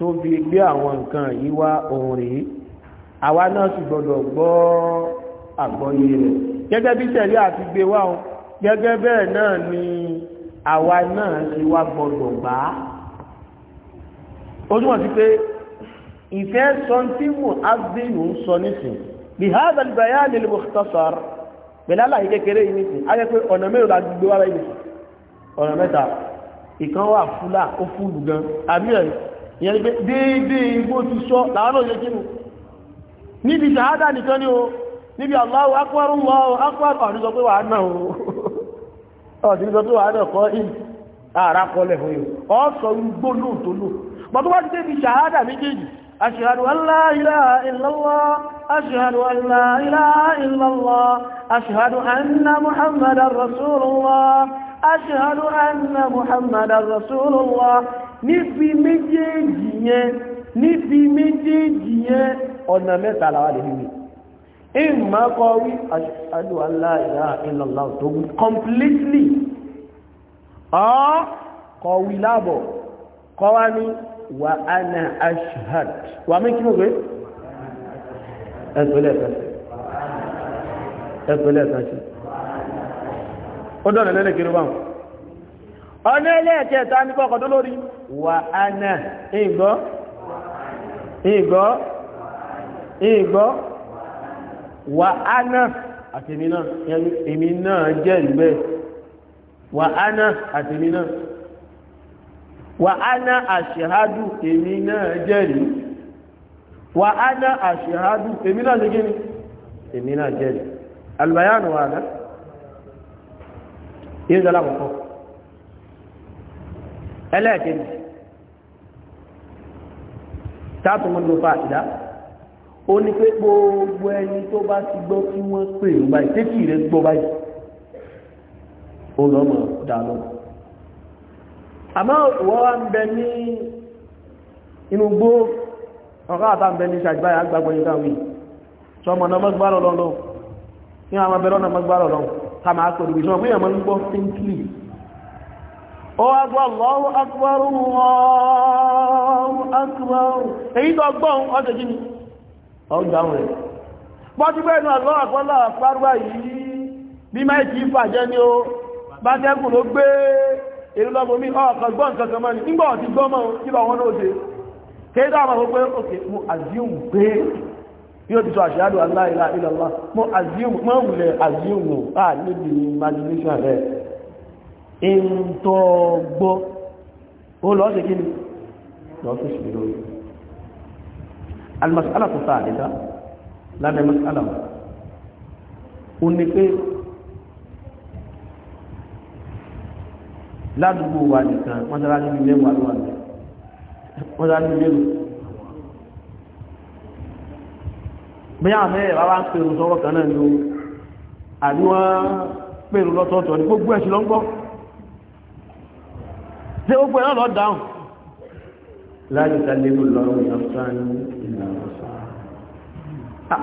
[SPEAKER 1] tó fi gbé àwọn nǹkan yìí wá ohun rèé àwa náà sì gbọdọ̀ gbọ́ àgbọ́yé rẹ̀ gẹ́gẹ́ bí sẹ̀rí àti gbé wá o gẹ́gẹ́ bẹ́ẹ̀ náà ni àwa náà sì wá gbọdọ̀ gbà á ó túmọ̀ sí pé ìfẹ́ sọ tí mò á bí mò ń sọ nísìn bí hádà ìbáyá ni lè mukhtasar pẹ̀lú àlàyé kékeré yìí nísìn á yẹ pé ọ̀nà mélòó la gbé wá báyìí ọ̀nà mẹ́ta ìkan wà fúlà ó fúlù gan àbí ẹ̀rí ìyẹn ni pé déédéé bó ti sọ làwọn náà yẹ kí nù níbi ṣàhádà nìkan ni o níbi Allahu akbar Allahu akbar ọ̀dún sọ pé wà náà o ọ̀dún sọ pé wà náà kọ́ ìn ààrá kọlẹ̀ fún yóò ọ sọ gbóná tó lò bọ́ tó wá ti débi ṣàhádà méjèèjì ashhadu an la ilaha ashhadu an la ilaha illallah ashhadu anna muhammadan rasulullah ashhadu níbi méjèèjì yẹn níbi méjèèjì yẹn ọ̀nà mẹ́ta làwọn lè wí ìmọ̀ kọ́ wí ashhadu an la ilaha illallah tó wí completely ọ́ kọ̀ wí lábọ̀ kọ́ wá ní wa ana ashhad wà mí kí ló gbé ẹ̀tọ́lẹ̀ ẹ̀tọ́sí ẹ̀tọ́lẹ̀ ẹ̀tọ́sí ó dọ̀nà ọ̀nà ẹlẹ́ẹ̀kẹta ní kọ́kọ́ tó lórí wà ánà ìgbọ́ ìgbọ́ ìgbọ́ wà ánà àti èmi náà jẹ́ ìgbẹ́ wà ánà àti wà ánà àṣìhádù èmi náà ana wà ánà àṣìhádù èmi náà jẹ́ albayanu wà náà yíò ẹlẹ́ẹ̀kejì tátùmọ̀ ló fa àtìdá ó ní pé gbogbo ẹni tó bá ti gbọ́ kí wọ́n pè ń báyìí tẹ́kì rẹ̀ gbọ́ báyìí ó lọ́mọ dáná àmọ́ ìwọ́n wá ń bẹ ní inú gbó ọ̀rọ̀ àtàbẹ̀ ní ṣàgbáyà agbàgbọ́ yìí káwí sọmọ náà mọ́gbárọ̀ lọ́nà ní àwọn abẹ́rọ́ náà mọ́gbárọ̀ lọ́nà ká máa kò rí bí sọmọ ń gbọ́ faintly ọgbọ́ Allahu akbar Allahu akbar èyí tó gbọ́n ọjọ́ jí ni ọgbàun rẹ̀ bọ́tí bẹ́ẹ̀ náà Allahu akbar Allahu akbar yìí bí máa kìí fàjẹ́ ni ó bá tẹ́kùn ló gbé èrú lọ́gbọ́n mi ọkàn gbọ́n kankan mọ́ ni nígbà ọ̀tí gbọ́n mọ́ kí lọ wọn ló dé kéèdà àwọn pé òkè mo àzíùn pé yóò ti sọ àṣíyádò aláìlá ìlàlá mo àzíùn mọ́ wùlẹ̀ àzíùn à níbi imagination rẹ̀ ìntọ́ gbọ́ ó lọ sí kíni lọ sí ṣe lórí almasala tó sáà dídá lábẹ́ masala ó ní pé ládùúgbò wa nìkan wọ́n dára níbi mẹ́wàá ló wà ní wọ́n dára níbi mẹ́wàá bí àwọn mẹ́rẹ̀ bá wá ń pèrò sọ́wọ́ kan náà ni ó àbí wọ́n lọ́tọ̀ọ̀tọ̀ ní gbogbo ẹ̀ṣì lọ́gbọ́n ṣe gbogbo ẹ̀ náà lọ dáhùn láti tàlébù lọ́rùn ìyàmsán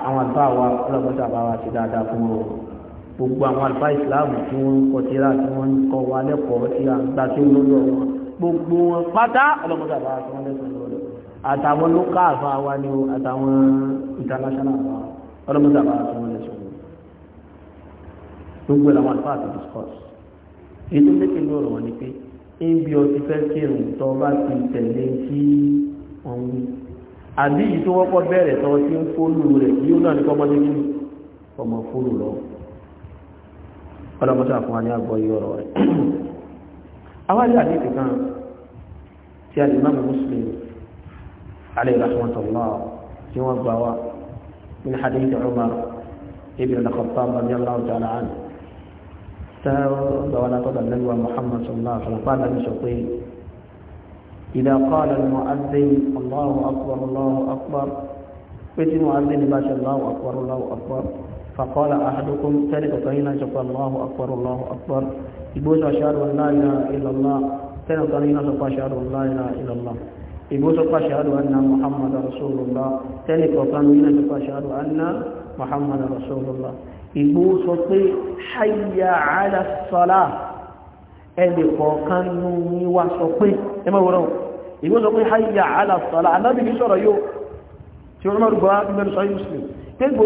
[SPEAKER 1] àwọn àlùfà wa ọlọ́pọ̀tà bá wa ti dáadáa fún wọn gbogbo àwọn àlùfà ìsìláàmù tí wọ́n ń kọ tíra tí wọ́n ń kọ wa lẹ́kọ̀ọ́ tí a ń gbà tí ó lọ́dọ̀ wọn gbogbo wọn pátá ọlọ́pọ̀tà bá wa tí wọ́n lẹ́kọ̀ọ́ lọ́dọ̀ àtàwọn lókà àfà wa ni o àtàwọn international wa ọlọ́pọ̀tà bá wa tí wọ́n lẹ́kọ̀ọ́ gbogbo làwọn àlùfà àti discourse èyí ní ọ̀rọ̀ wọn ni pé níbi ọtí fẹ́ kírun tó bá ti tẹ̀lé sí ọ̀hún àbí yìí tó wọ́pọ̀ bẹ̀rẹ̀ tó ti ń fólù rẹ̀ yóò náà ní kọ́mọdé kí ọmọ fólù lọ ọlọ́mọṣà fún wa ní àgbọ̀ yìí ọ̀rọ̀ rẹ̀ awájú àdéhùn kan tí alimami muslim alayhi rahmatullah tí wọ́n gbà wá min hadith umar ibn al تولى تضع النبي محمد صلى الله عليه وسلم قال بشرطين إذا قال المؤذن الله أكبر الله أكبر فتي المؤذن باشا الله أكبر الله أكبر فقال أحدكم تلك قينا شفى الله أكبر الله أكبر يبوس أشهد أن لا إله إلا الله تلك قينا شفى أشهد لا إله إلا الله يبوس أشهد أن محمد رسول الله تلك قينا شفى أشهد أن محمد رسول الله ìgbó sọ pé hayya ala salah ẹnì kọ̀ọ̀kan nínú ní wá sọ pé ẹ mọ̀ wọ́n ìgbó sọ pé hayya ala salah anábì ní sọ̀rọ̀ yóò tí wọ́n mọ̀ rúgbọ́ mẹ́rin sọ muslim tẹ́gbò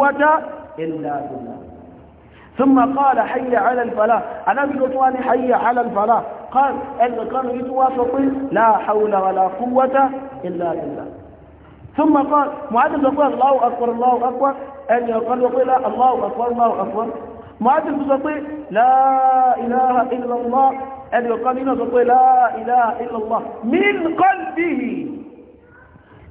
[SPEAKER 1] wá sọ ثم قال حي على الفلاح انا بقول حي على الفلاح kọ́ọ̀lù ẹnìkan yìí tó wá sọ pé la hawla wala quwwata illa billah ثم قال معاذ بن جبل الله اكبر الله اكبر ان يقال يقول الله اكبر الله اكبر معاذ بن جبل لا اله الا الله ان يقال هنا لا اله الا الله من قلبه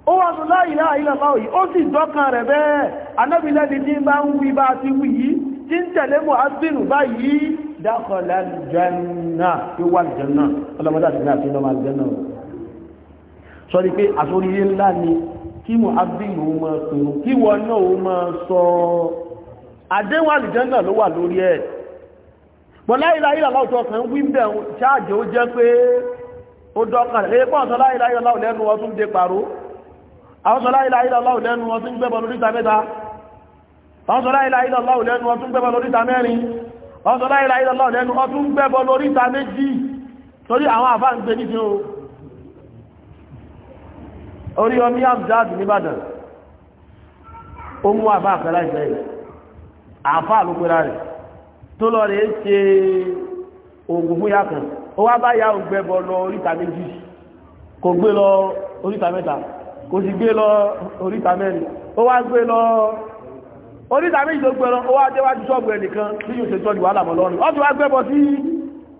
[SPEAKER 1] ó wá sọ la ilaha illallah yìí ó sì dọ́kan rẹ̀ bẹ́ẹ̀ anábìlẹ́ni ní bá ń wí bá ti wí yìí tí ń tẹ̀lé mọ̀ á sínú báyìí dákọ̀lá jẹ́nà tó wà jẹ́nà ọlọ́mọdá ti náà tí lọ́mọ jẹ́nà rẹ̀ sọ ni pé àsoríyé ńlá ni kí mọ̀ abdílù mọ̀ pẹ̀lú kí wọ́n náà ó mọ̀ sọ àdéhùn àlìjẹ́nà ló wà lórí ẹ̀ pọ̀ láìláìlá láwùjọ kan wí bẹ̀ ṣáàjì ó jẹ́ pé ó dọ́kàn rẹ̀ pọ̀ sọ láìláìlá láwù lẹ́nu ọtún dé pàró àwọn sọ láìláìlá láwù lẹ́nu ọtún gbẹ́bọ̀ lóríta mẹ́ta àwọn sọ láìláìlá láwù wọ́n tó láìra ìlọ́lọ́ lẹ́nu ọdún gbẹ́bọ lórí ìta méjì torí àwọn àfá ń gbé nídí orí omi àmjáàdì nìbàdàn ó mú àfá àpẹẹrẹ ìfẹ́ rẹ̀ àfá àlùpẹ̀rẹ̀ rẹ̀ tó lọ rẹ̀ ṣe oògùn fún yàkàn ó wá bá yà ògbẹ́bọ lọ orí ìta méjì kò gbé lọ orí ìta mẹ́ta kò sì gbé lọ orí mẹ́rin ó wá gbé lọ oníta méjì tó gbẹ̀rọ owó adéwájú ṣọ́ọ̀bù ẹnìkan tí yóò ṣe tọ́jú wà lámọ̀ lọ́rùn ọdún wá gbẹ́bọ̀ sí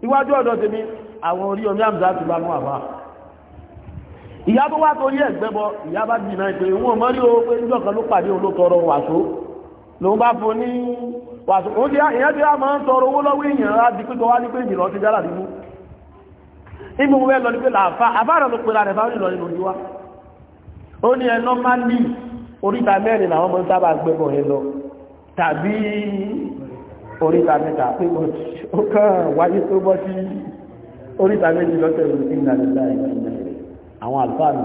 [SPEAKER 1] iwájú ọ̀dọ̀ tèmi àwọn orí omi àmì láti bá wọn àbá ìyá tó wá torí ẹ̀ gbẹ́bọ ìyá bá jìnà ìpè òun ò mọ́rí o pé níjọ́ kan ló pàdé òun ló tọrọ wàṣó lòun bá fún ní wàṣó òun ti ìyẹn ti wá máa ń tọrọ owó lọ́wọ́ èèyàn á di pípọ̀ wá ní pé ìjìnà ti dára nínú ìmú wẹ́ lọ ní pé làáfà àbára ló pera rẹ̀ bá rí lọ nínú ìwá ó ní ẹ nọ́málì oríta mẹ́rin làwọn ọmọ sábà gbẹ́bọ̀ yẹn lọ tàbí oríta mẹ́ta pé ó kàn wáyé tó bọ́ sí oríta méjì lọ́tẹ̀ lórí ìlànà àwọn àlùfáà mi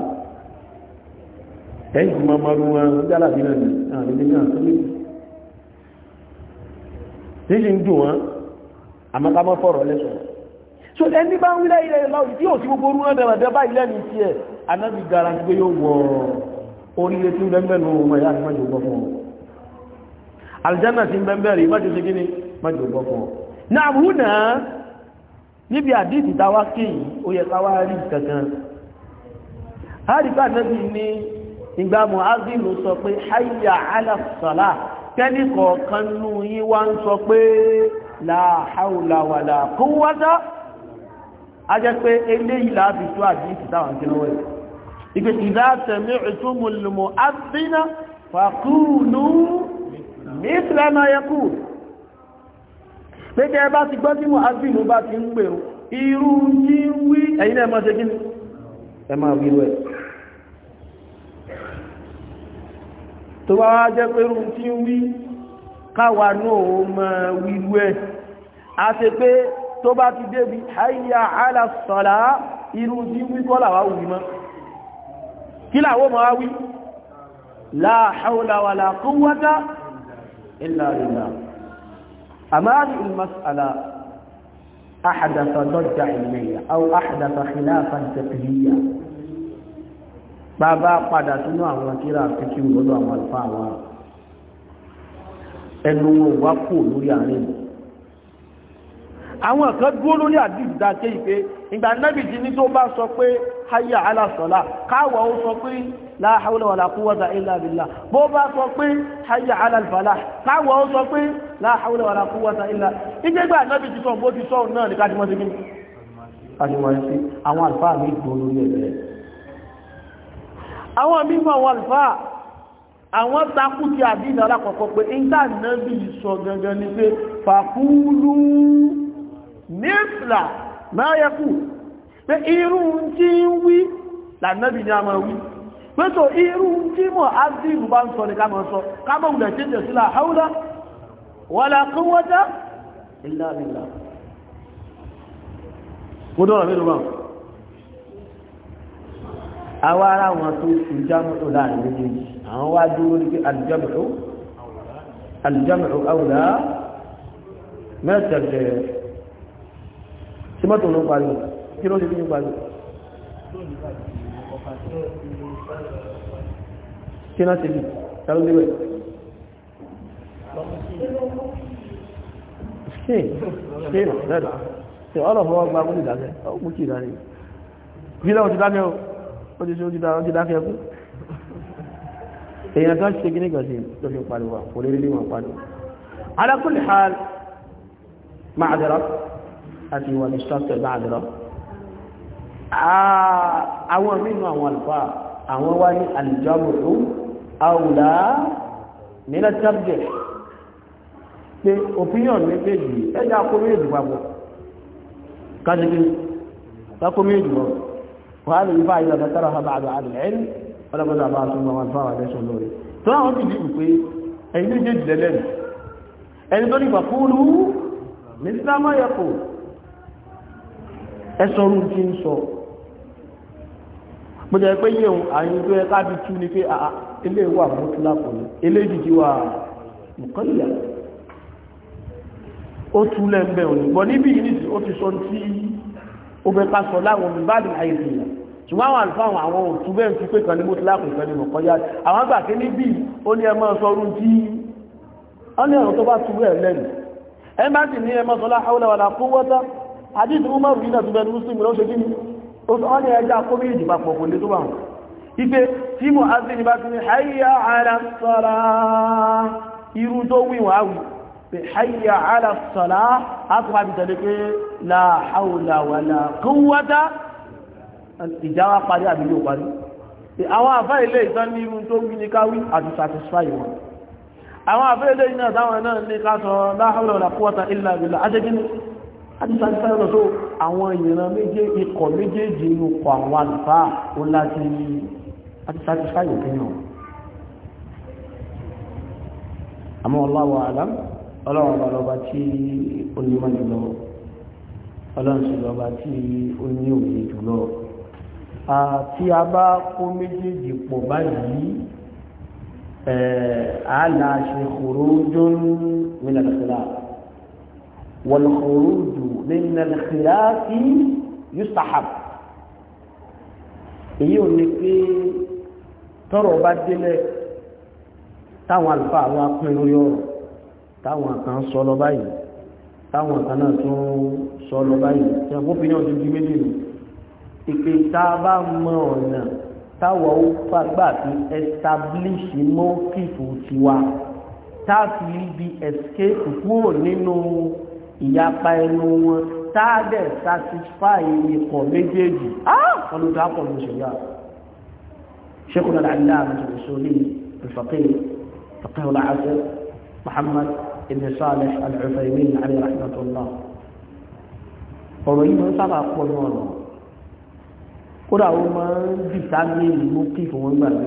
[SPEAKER 1] ẹ̀yìn mọ́mọ́rú wọn jálà bí náà ní àwọn ilé náà tó ní ṣíṣe ń dùn wọn àmọ́kámọ́ fọ̀rọ̀ lẹ́sọ̀ so ẹni bá ń wílẹ̀ ilẹ̀ ìlọ́wọ̀ tí yóò sí gbogbo orú náà dẹ̀rẹ̀ dẹ́ bá ilẹ̀ ní tiẹ̀ anábì gara gbé yóò wọ̀ oríire tí ń bẹ́m̀bẹ̀ ní ọmọ ìyá mẹ́jọ gbọ́ fún ọ aljanna tí ń bẹ́m̀bẹ̀ rí mẹ́jọ sí gíní mẹ́jọ gbọ́ fún ọ náà mú náà níbi àdíjì táwá kéyìí ó yẹ káwá rí kankan harika nabi ní ìgbà mu'azin ló sọ pé hayya ala salah kẹ́ni kọ̀ọ̀kan nú yí wá ń sọ pé la hawla wala quwwata a jẹ́ pé eléyìí láàbì tó àdíjì táwọn kí lọ́wọ́ yìí ìpé ìdásẹ̀mí ìtumùlùmù àbínà fàkúlù mìtìlánà yẹkù pẹ́kẹ́ bá ti gbọ́ tí mọ̀ àbínú bá ti ń pèrò irú ní wí ẹ̀yìn ẹ̀mọ́ ṣe gíní ẹ̀mọ́ àbírú ẹ̀ tó bá wá jẹ́ pé irú tí ń wí káwà náà mọ̀ wíru ẹ̀ irú tí wí kọ́là wá wù mọ́ kí làwọ́ ma wí la hawla wala quwwata illa billah amari al-mas'ala ahdatha dajja ilmiya aw ahdatha khilafan fiqhiyya bàbá padà sínú àwọn kíra fíkí lọ́dọ̀ àwọn alfa wa ẹnu wọn wá kò lórí àárín àwọn kan dúró lórí hayya ala salah káwà ó sọ pé la hawla wala quwwata illa billah bó bá sọ pé hayya ala al-falah káwà ó sọ pé la hawla wala quwwata illa ìjẹgbà náà bí ti sọ bó ti sọ náà ní káàdì mọ́sí kí àwọn àlùfáà mi gbọ́ lórí ẹ̀rẹ́ àwọn mímọ̀ àwọn àlùfáà àwọn takú ti àdínà alákọ̀ọ́kọ́ pé ìgbà náà sọ gangan ní pé fàkúlú nífìlà máa pé irú tí ń wí lànàbì ní a máa wí pé tó irú tí mọ̀ ádìbù bá ń sọ ní káàmọ̀ sọ káàmọ̀ wùlẹ̀ tí jẹ̀ sílá haúlá wala quwwata illa billah àwọn ará wọn tó ìjámọ̀tò láàrin méjèèjì àwọn kí ló lè ní ìgbàgbé kí náà ti lè tẹ́lú lè wẹ̀ ṣe ṣe rẹ̀ ṣe ọlọ́fọwọ́ gba mú ìdájẹ́ ọkùn kí ìdájẹ́ bí lọ́wọ́ ti dákẹ́ ó ti ṣe ó ti dákẹ́ ẹkú èèyàn kan ṣe gínígbà sí tó fi pariwo kò lè rí wọn pariwo alákùnlé hàn máa dẹ̀rọ àti ìwà distracted máa dẹ̀rọ Ah, àwọn mínú àwọn alfa àwọn wá ní alìjọ́bùrú àwùlá nílẹ̀ tẹ́bùjẹ̀ pé opinion méjèèjì ẹjá akómi ìdìpapọ̀ kájíkí takómi ìdìpọ̀ wàhálì ìfà ìlà tẹ́tẹ́rọ ha bàbá àdìlẹ́ni ọlọ́pàá bá súnmọ́ wọn fáwà lẹ́ṣọ́ lórí tó láwọn ti dìbò pé ẹni tó ní ìfàkúrú mo jẹ́ pé yíò àyín tó yẹ káàbí tú ní pé ilé wà mọ́tílápọ̀ ní ilé jìjì wà nìkanlẹ̀ ó tú lẹ́gbẹ̀ òní bọ̀ níbi ìrìsì ó ti sọ tí ó bẹ ká sọ láwọn olùbádìí àìsìyà ṣùgbọ́n àwọn àlùfáà àwọn òtún bẹ́ẹ̀ ti pé kan ní mọ́tílápọ̀ ìkan ní mọ̀kọ́yá àwọn àgbà ké níbi ó ní ẹmọ sọrú tí ó ní ẹ̀rọ tó bá tú lẹ́nu ẹ má sì ní ẹmọ sọlá haúlẹ̀ wàlà kó wọ́tá àdìsí umaru ó sọ ọ́nà ẹja kó méjì papọ̀ kò lè tó bá wọn ipe tí mo azini bá ti ní hayya ala sọ́lá irú tó wí wọ́n áwì pé hayya ala sọ́lá á tó bá fi tẹ̀lé pé la hawla wala quwwata ìjáwá parí àbí yóò parí àwọn àfá ilé ìtàn àwọn ìran méjì ikọ̀ méjèèjì inú kọ àwọn àlùfà ó láti láti satisfy opinion àmọ́ Allahu a'lam ọlọ́run ọba lọ́ba tí ó ní mọ́ jùlọ ọlọ́run sì lọ́ba òye jùlọ tí a bá kó méjèèjì pọ̀ báyìí àlà ṣe kòrò jónú mílẹ̀ والخروج من الخلاف يستحب èyí ò ní pé tọ́rọ̀ bá délẹ̀ táwọn àlùfáà wa pín lórí ọ̀rọ̀ táwọn kan sọ lọ báyìí táwọn kan náà tún sọ lọ báyìí tí a fófin náà ti di méjì nù ìpè tá a bá mọ ọ̀nà táwọn ó fagbà fi establish mọ́kìfù tiwa tá a fi ibi escape kúrò nínú. No ìyapa ẹnu wọn táàdẹ̀ satisfy ikọ̀ méjèèjì wọn ló dápọ̀ ní ṣẹ̀yà ṣekùn àdáńdá àmàtàlẹ́sọ́lé ìfàkẹ́ فقه العصر محمد بن صالح العثيمين عليه رحمة الله ọ̀rọ̀ yìí máa ń sábà pọ̀ ní ọ̀nà kódà ó máa ń bì sáàmìlì mú kí fún wọn gbà mí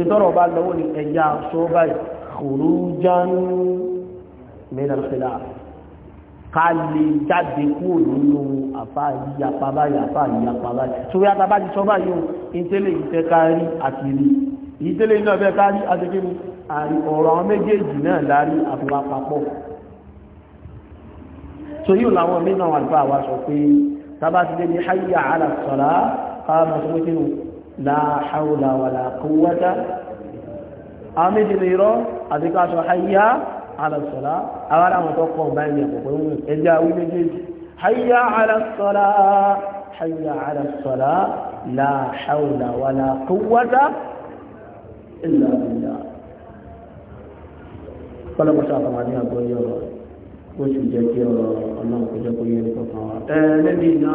[SPEAKER 1] ìtọ́rọ̀ bá lọ́wọ́ ní ẹja sọ́ọ́bà ìkòrò jáánú mẹ́rin àfẹ́lá ká lè jáde kúrò nínú àfá ìyapa báyìí àfá ìyapa báyìí sórí àtàbá ti sọ báyìí ohun ìtẹ́lẹ̀ ìfẹ́ kárí àti rí ìtẹ́lẹ̀ iná ọ̀fẹ́ kárí àti kí ni ọ̀rọ̀ àwọn méjèèjì náà lárí àfúwà papọ̀ so yíò làwọn mìíràn wà nípa àwa sọ pé tábà ti lé ní hayya ala sọ̀rá káàmù tó kí ni la hawla wala quwwata àwọn méjèèjì rọ àti ká sọ alàsọ̀lá àwọn àwọn tó kọ̀ báyìí ní àkókò ìwọ̀n ẹjẹ́ àwọn méjèèjì hayya alàsọ̀lá hayya alàsọ̀lá la hawla wala quwwata illa billah kọ́lọ́pọ̀tà àtàwọn ní àgbọ̀ yìí ọ̀rọ̀ ó sì jẹ́ kí ọ̀rọ̀ ọlọ́run kó jẹ́ kó yẹ ní kọ̀ọ̀kan wa ẹ lẹ́bi iná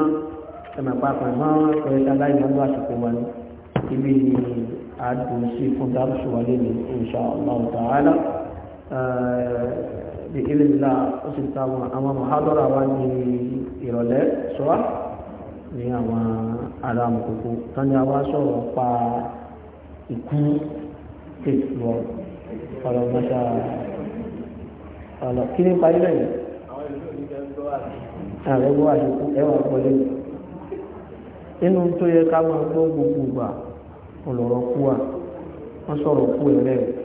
[SPEAKER 1] ẹ̀mọ̀ pàápàá máa ń pẹ̀lú aláìní ọgbà àsìkò wa ní ibi ni àdùn sí fún dárúsù wa lé ní insha Allah ta'ala bí ilé ńlá ó sì ta àwọn mahadara wa ní ìrọ̀lẹ́ sọ́wá ní àwọn ará mọ̀kòkò tán ni a wá sọ̀rọ̀ pa ikú ètò ọ̀rọ̀ mọ́ṣá ọ̀rọ̀ kí ní parí lẹ́yìn ààrẹ gbọ́ àdínkù ẹwà pọ̀lẹ́ inú tó yẹ ká máa gbọ́ gbogbo ìgbà ọ̀lọ̀rọ̀ kú wa wọ́n sọ̀rọ̀ kú ẹ̀rẹ́ rẹ̀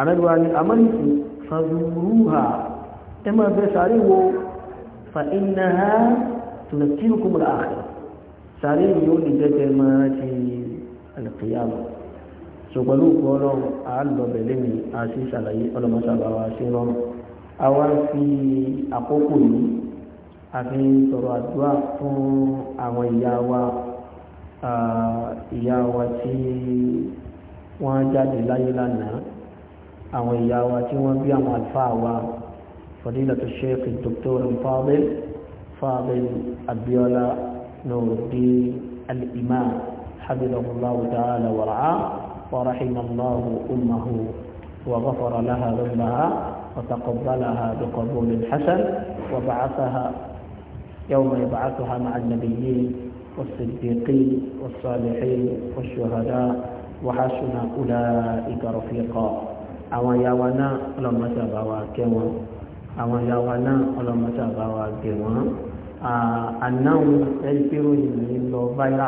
[SPEAKER 1] àmẹ́lúwa ni a mọ́rin kú fàzúrúhà ẹ máa bẹ sàárè wo fa iná ha tùnàkínú kó mọ̀ láàrín sàárè yóò lè jẹ́jẹ́ máa ti alìkìyàmù ṣùgbọ́n òkú ọlọ́run a lọ bẹ̀lẹ́ mi a sì ṣàlàyé ọlọ́mọṣàlàwà sí rọrùn a wá wọ́n jáde láyé lánàá àwọn ìyá wa tí wọ́n bí àwọn àlfáà wa fadilatu sheikh dr fadil fadil abiola nuruddin al-imam hafidhahullahu ta'ala wa ra'a wa rahimallahu ummahu wa ghafara laha dhanbaha wa taqabbalaha biqabulin hasan wa ba'athaha يوم يبعثها مع النبيين والصديقين والصالحين والشهداء وحسن أولئك رفيقا àwọn ìyá wa náà ọlọ́mọta bá wa kẹ́ wọn àwọn ìyá wa náà ọlọ́mọta bá wa gẹ̀ wọ́n ànáwó ẹni pé ròyìn ní lọ báyà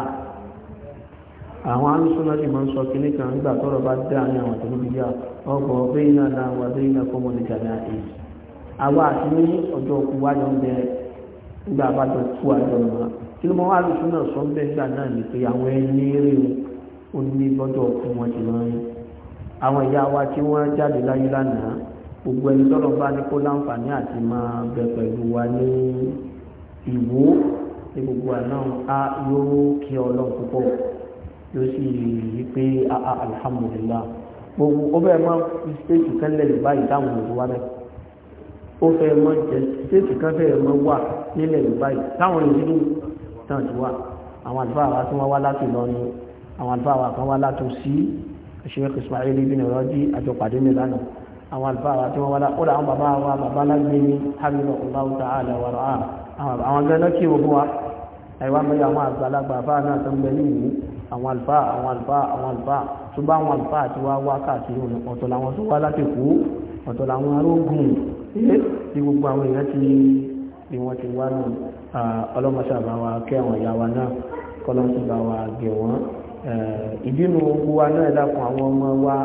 [SPEAKER 1] àwọn alùsọ́nà sì máa ń sọ kínní kan nígbà tọrọ bá dé àárín àwọn tó níbi yá ọgbọ bẹ́yìn náà náà wà bẹ́yìn náà fọmọ níjà náà èyí àwa àti ní ọjọ́ òkú wájọ ń bẹ nígbà àbájọ kú àjọ náà kí ló mọ alùsọ́nà sọ ń bẹ nígbà náà ní àwọn ẹni rí o lọ́jọ́ òkú wọn ti máa ń yìí àwọn ìyá wa tí wọ́n jáde láyé lánàá gbogbo ẹni tọ́lọ̀ bá ní kó láǹfààní àti máa bẹ pẹ̀lú wa ní ìwó ní gbogbo àná á yóò kí ọlọ́run púpọ̀ yóò sì rí pé alhamdulillah gbogbo ó bẹ́ẹ̀ máa fi stéètì kan lẹ̀ báyìí táwọn òbí wa bẹ́ẹ̀ ó fẹ́ mọ jẹ stéètì kan fẹ́ẹ̀ mọ wà nílẹ̀ báyìí táwọn ìdílé náà ti wà àwọn àlùfáà wa tí wọ́n wá láti lọ ni àwọn àlùfáà wa kan wá látòsí Sheikh Ismail ibn Raji àjọpàdé ní lánà àwọn àlùfáà wa tí wọ́n wálá ó làwọn bàbá wa bàbá lágbé ní hamilu ọláwù ta'ala wa ra'a àwọn gẹ́gẹ́ lọ́kì wọ́n fún wa àìwá mẹ́rin àwọn àgbàlagbà àfáà náà tó ń bẹ ní ìlú àwọn àlùfáà àwọn àlùfáà àwọn àlùfáà tó bá àwọn àlùfáà ti wá wá káàkiri ọ̀tọ̀ làwọn tó wá láti kú ọ̀tọ̀ làwọn arógùn tí gbogbo àwọn èèyàn ti bí wọ́n ti wá náà ọlọ́mọṣàbáwa kẹ́ àwọn ìyá wa náà kọ́lọ́mọṣàbáwa Eh, ìdínú ogun wa náà dákun àwọn ọmọ wa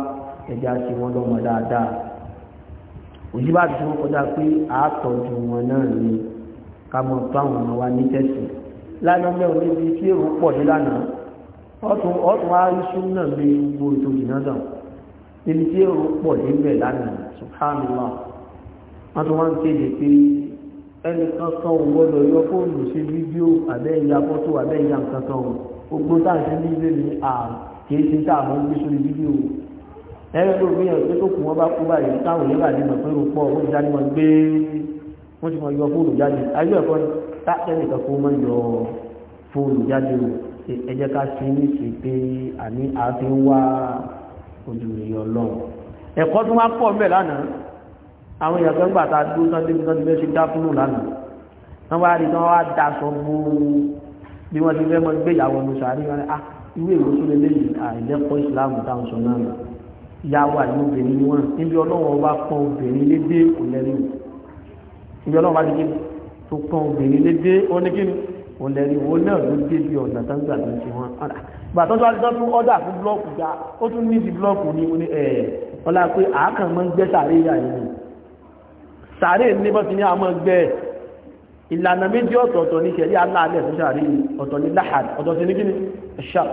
[SPEAKER 1] ẹja sí wọn lọ́mọ dáadáa òjì bá ti wọ́n kọjá pé àátọ́jú wọn náà ni ká mọ̀ tó àwọn ọmọ wa ní tẹ̀sí lánàá mẹ́wọ̀n níbi tí èrò pọ̀ ní lánàá ọ̀tún arísú náà lé gbogbo ètò ìnáda níbi tí èrò pọ̀ níbẹ̀ lánàá subhanallah wọ́n tún wá ń kéde pé ẹnì kankan ò gbọ́dọ̀ yọ fóònù sí fídíò àbẹ́ ìyá fọ́tò àbẹ́ nǹkan kan ò gbogbo tá à ń ṣe ní ilé mi kì í ṣe tá à mọ́ gbé sórí fídíò ẹ̀rọ tó gbé yàn pé tó kù wọ́n bá kú báyìí táwọn yóò bá ní mọ̀ pé ó pọ̀ wọ́n ti dání wọn gbé wọ́n ti mọ̀ yọ fóònù jáde ayé ẹ̀kọ́ tákẹ́lì kan fún wọn yọ fóònù jáde o ẹ jẹ́ ká ṣe ní ṣe pé àní àáfin wá ojú ìyọ̀ lọ ẹ̀kọ́ tó wá pọ̀ mẹ́ lánàá àwọn èèyàn kan gbà tá a dúró tán débi tán ti fẹ́ ṣe bí wọ́n ti fẹ́ mọ́ gbéyàwó ọmọ sàárì wọn ni ah irú èrò tó lé lẹ́yìn àìlẹ́kọ̀ọ́ ah, ìsìláàmù táwọn sọ náà yàwó àti obìnrin ni wọ́n níbi ọlọ́wọ́n bá pọ́n obìnrin lédè kò lẹ́nu níbi ọlọ́wọ́n bá ti kíni tó pọ́n obìnrin lédè ó ní kíni kò lẹ́nu owó náà ló dé bí ọ̀nà tó ń gbà tó ń ṣe wọn. ìgbà tó ń tó tó tún ọ́dà fún búlọ́ọ̀kù já ó tún ní ti búlọ́ọ̀kù ni ó ẹ̀ ọlá pé àákàn máa ń gbẹ́ sàárè ìlànà méjì ọ̀tọ̀ọ̀tọ̀ ní ṣẹ̀rí aláàlẹ̀ fún ṣàrí ọ̀tọ̀ ní láhàd ọ̀tọ̀ sí ní gíní ṣàr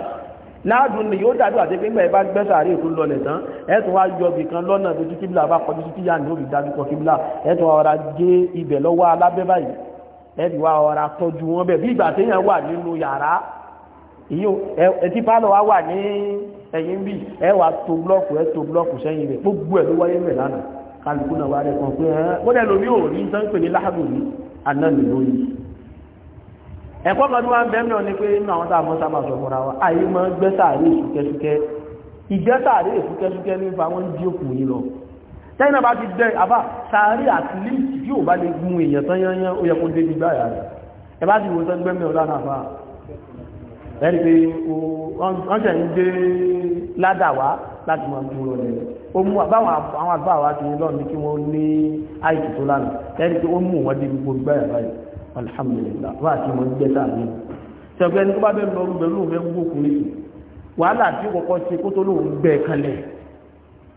[SPEAKER 1] láàdùn ni yóò dàdú àti pínpẹ̀ bá gbẹ́ sàárè èkó lọlẹ̀ tán ẹ̀tùn wá yọ bìkan lọ́nà tó tí kíbla bá kọjú sí kíyà ní òbí dájú kọ kíbla ẹ̀tùn ọ̀rá gé ibẹ̀ lọ́wọ́ alábẹ́ báyìí ẹ̀tùn wá ọ̀rá tọ́jú wọn bẹ̀ bí ìgbà téèyàn wà nínú yàrá ẹtí pálọ̀ wá wà ní ẹ̀yìn bí ẹ wà tó blọ́ọ̀kù ẹ tó blọ́ọ̀kù sẹ́yìn rẹ̀ gbogbo ẹ̀ ló wáyé mẹ́ lánàá kálukú náà wá rẹ̀ kàn pé ẹ́ anáàlú lórí ẹ̀kọ́ kan tó wá ń bẹ́ẹ̀ náà ni pé inú àwọn tá a mọ́ sábà sọ fúnra wa ayé máa ń gbẹ́ sàárè súkẹ́súkẹ́ ìgbẹ́ sàárè súkẹ́súkẹ́ ní fa wọ́n ń dí òkú yìí lọ tẹ́yìn náà bá ti dẹ́ àbá sàárè àti líìsì tí ò bá lè gun èèyàn tán yányán ó yẹ kó dé bí báyà rẹ̀ ẹ bá ti wò tán gbẹ́mẹ̀ ọ̀la náà fa ẹni ó mú àbáwọn àwọn àgbà wa ti ní lọ́nà ní kí wọ́n ní àìsí tó lánàá lẹ́yìn tí ó mú wọn dé gbogbo gbáyà báyìí alhamdulilah wá àti wọn gbé sáàmì ṣẹ̀gbẹ́ ní kó bá bẹ́ẹ̀ lọ rúbẹ̀ lóun fẹ́ gbogbo ọkùnrin sùn wàhálà tí kọ́kọ́ ṣe kó tó lóun gbẹ̀ kalẹ̀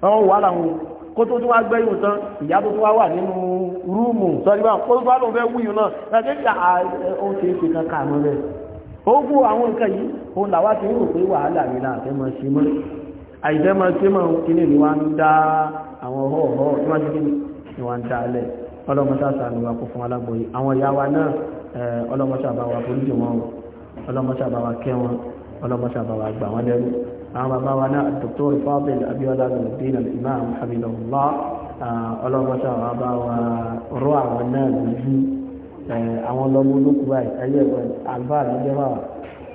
[SPEAKER 1] ọ̀hún wàhálà wọn kó tó tó wá gbẹ́ yóò tán ìyá tó tó wá wà nínú rúùmù sọ́rí bá kó tó wá lóun fẹ́ wúyò náà láti ṣe ó ṣe é ṣe kankan àmọ́ rẹ̀ ó gbó àwọn nǹkan yìí òun làwa ti rò pé wàhálà mi là àìdẹ́mọ̀ tí mọ̀ kíní ni wá ń dá àwọn ọ̀họ̀ tí wá jíkí ni wá ń dá alẹ́ ọlọ́mọta sàánúwà kó fún alágbòyí àwọn ìyá wa náà ọlọ́mọta bá wa polújì wọn ọlọ́mọta bá wa kẹ́ wọn ọlọ́mọta bá wa gbà wọn lẹ́rú àwọn bàbá wa náà Dr. Fadil Abiola Nurdin al-Imam hamidullah ọlọ́mọta wa bá wa rọ àwọn náà lójú àwọn ọlọ́mọ olókùnrin ẹ̀yẹ àlùfáà lọ́jọ́ bá wa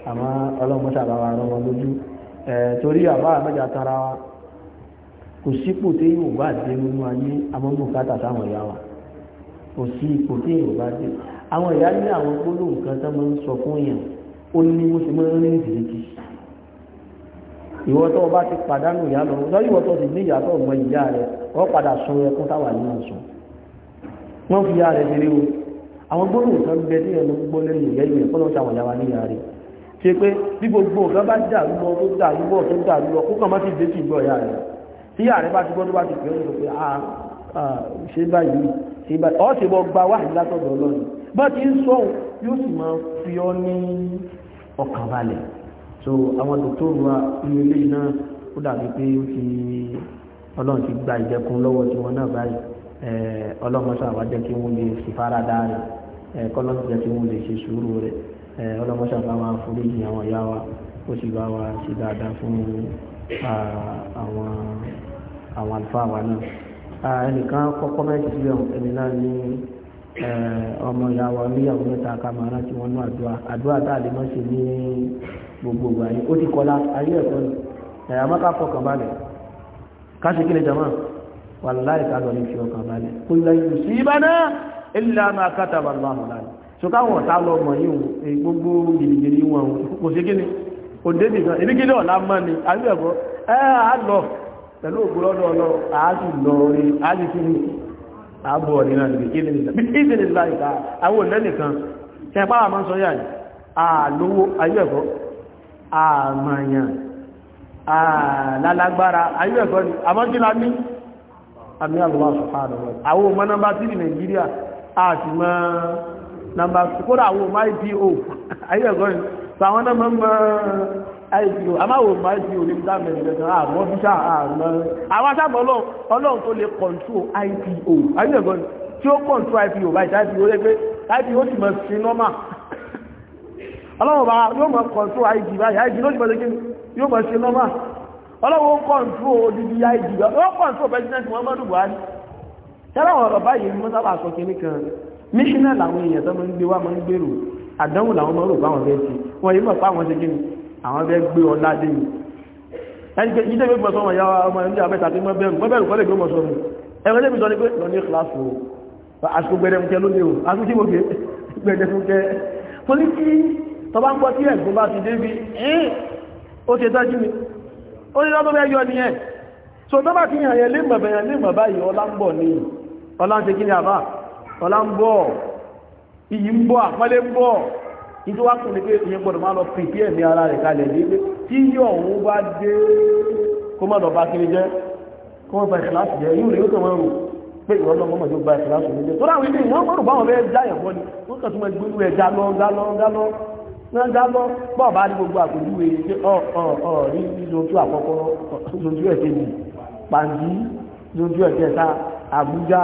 [SPEAKER 1] àwọn ọlọ́mọta bá wa rọ wọn lójú torí àbá àmẹ́jà tara wa kò sípò tí yóò bá dé nínú ayé amọ́bùkátà ya ìyá wa kò sí ipò tí yóò bá dé àwọn ìyá ní àwọn máa ń sọ fún yàn ó ní mo ti máa ń rìn ìdílékì ti rẹ padà sọ ẹkún táwa ní o àwọn bẹ tí ẹnu ìyá ìyẹn wa ní ìyá ṣe pé bí gbogbo nǹkan bá dàrú lọ tó dàrú bọ̀ tó dàrú lọ kó kàn má ti dé sí ìgbọ́ ìyá rẹ̀ tí ìyá rẹ̀ bá ti gbọ́ tó bá ti pè é lọ pé a ah, ah, ṣe báyìí ṣe báyìí ọ́ ṣe bọ́ gba wáyé látọ̀dọ̀ ọlọ́run bá ti ń sọ yóò sì máa fi ọ́ ní ọkàn balẹ̀ so àwọn dòktóru wa ní ilé náà ó dàbí pé ó ti ọlọ́run ti gba ìjẹkùn lọ́wọ́ tiwọn náà báyìí ọlọ́run sọ àwọn jẹ́ kí wọ́n lè ṣèfaradà rẹ̀ kọ́lọ́sì jẹ́ kí wọ́n lè ṣe sùúrù rẹ̀ ọlọ́mọṣà bá wa foríjì àwọn ìyá wa ó sì bá wa ṣe dáadáa fún àwọn àwọn àlùfáà wa náà ẹnìkan kọ́kọ́ mẹ́tì sílẹ̀ ẹni náà ní ọmọ ìyá wa oníyàwó mẹ́ta ká máa rántí wọn náà àdúrà àdúrà tá a lè mọ́ ṣe ní gbogbo ìgbà yìí ó ti kọ́lá ayé ẹ̀kọ́ ni ẹ̀yà ká fọkàn balẹ̀ ká ṣe kí ni jama wàláì ká lọ ní fi ọkàn balẹ̀ kó yẹ sí ibà náà illa ma kataba sọkáwọn ọ̀tá lọ mọ̀ yíò gbogbo gìrìgìrì wọn kò sí kí ni kò débi gan ibi kí ni ọ̀la mọ́ ni àbí ẹ̀kọ́ ẹ á lọ pẹ̀lú ògbólọ́dọ̀ ọlọ àásì lọ rí àásì sí ní àbọ̀ nínú àdìgbè kí ni nígbà bí ìdí ni láì ká àwọn òlẹ́ nìkan ṣe ń pàwà máa ń sọ yà ní àlówó àbí ẹ̀kọ́ àmàyàn àlálágbára àbí ẹ̀kọ́ ni àmọ́ kí la ní àmì àlùwà sọ̀fà àdọ̀wọ̀ àwọn àti máa nàmbà kódà àwọn ọmọ ipo ayé ẹ̀gọ́ ni sàwọn náà mọ́ ipo àmáwò ọmọ ipo ní dámẹ́rin ẹ̀sán àmọ́ bíṣà àmọ́ àwọn asábọ̀ ọlọ́run tó lè kọ̀ǹtù ipo ayé ẹ̀gọ́ ni tí ó kọ̀ǹtù ipo báyìí ipo rẹ̀ pé ipo ti mọ̀ sí nọ́mà ọlọ́run bá yóò mọ̀ kọ̀ǹtù ipo báyìí ipo ló ti mọ̀ sí yóò mọ̀ sí nọ́mà ọlọ́run kọ̀ǹtù odidi ipo ó kọ̀ǹtù president Muhammadu Buhari tẹ́lẹ̀ ọ̀rọ̀ báyìí ni mo sábà sọ kìnnìkan míṣínà làwọn èèyàn tó máa ń gbé wá máa ń gbèrò àdánwò làwọn máa ń rò fáwọn fẹ́ ti wọ́n yìí mọ̀ fáwọn ṣe gíní àwọn fẹ́ gbé ọlá dé mi ẹni pé ìdẹ́ gbégbọ́ sọmọ ya ọmọ ẹni àbẹ́ta tí wọ́n bẹ̀rù wọ́n bẹ̀rù kọ́lẹ̀ gbégbọ́ sọmọ ẹ̀rọ débi sọ ni pé lọ ní kíláàsì o àsìkò gbẹ̀rẹ̀ o àsìkò tí mo gé gbẹ̀rẹ̀ mú kẹ mo ní kí tọba ń gbọ́ tí ẹ̀gbọ́n bá ti dé bi ẹ́n ó ṣe tọ́jú mi ó ní lọ́tọ́ bẹ́ẹ̀ yọ nìyẹn so tọ́ba ti yàn yẹn lé mọ̀ bẹ̀rẹ̀ lé mọ̀ báyìí ọlá ń bọ̀ ní ọlá ń ṣe kí ni ọlá ń bọ̀ iyì ń bọ̀ àpọ́lé ń bọ̀ ìjọ wá kùn ní pé ìyẹn gbọ́dọ̀ máa lọ pèpè ẹ̀mí ara rẹ̀ kalẹ̀ ní pé tí yíyọ̀ òun bá dé kó má lọ bá kiri jẹ́ kó wọ́n ba ìkìláàsì jẹ́ yóò rí ó tẹ̀wọ́n rò pé ìwọ́n lọ́mọ mọ̀ yóò ba ìkìláàsì jẹ́ tó ráwọ̀ ilé ìwọ́n mọ̀rùn báwọn bẹ́ẹ̀ já ẹ̀kọ́ ni ó kàn tún mọ̀ gbé ẹ̀ já lọ já lọ já lọ náà já lọ bọ́ ọ̀bá ní gbogbo àpèjúwe ṣe ọ̀ ọ̀ ọ̀ rí ìṣojú àkọ́kọ́ ìṣojú ẹ̀kejì pàǹdí ìṣojú ẹ̀kẹta Àbújá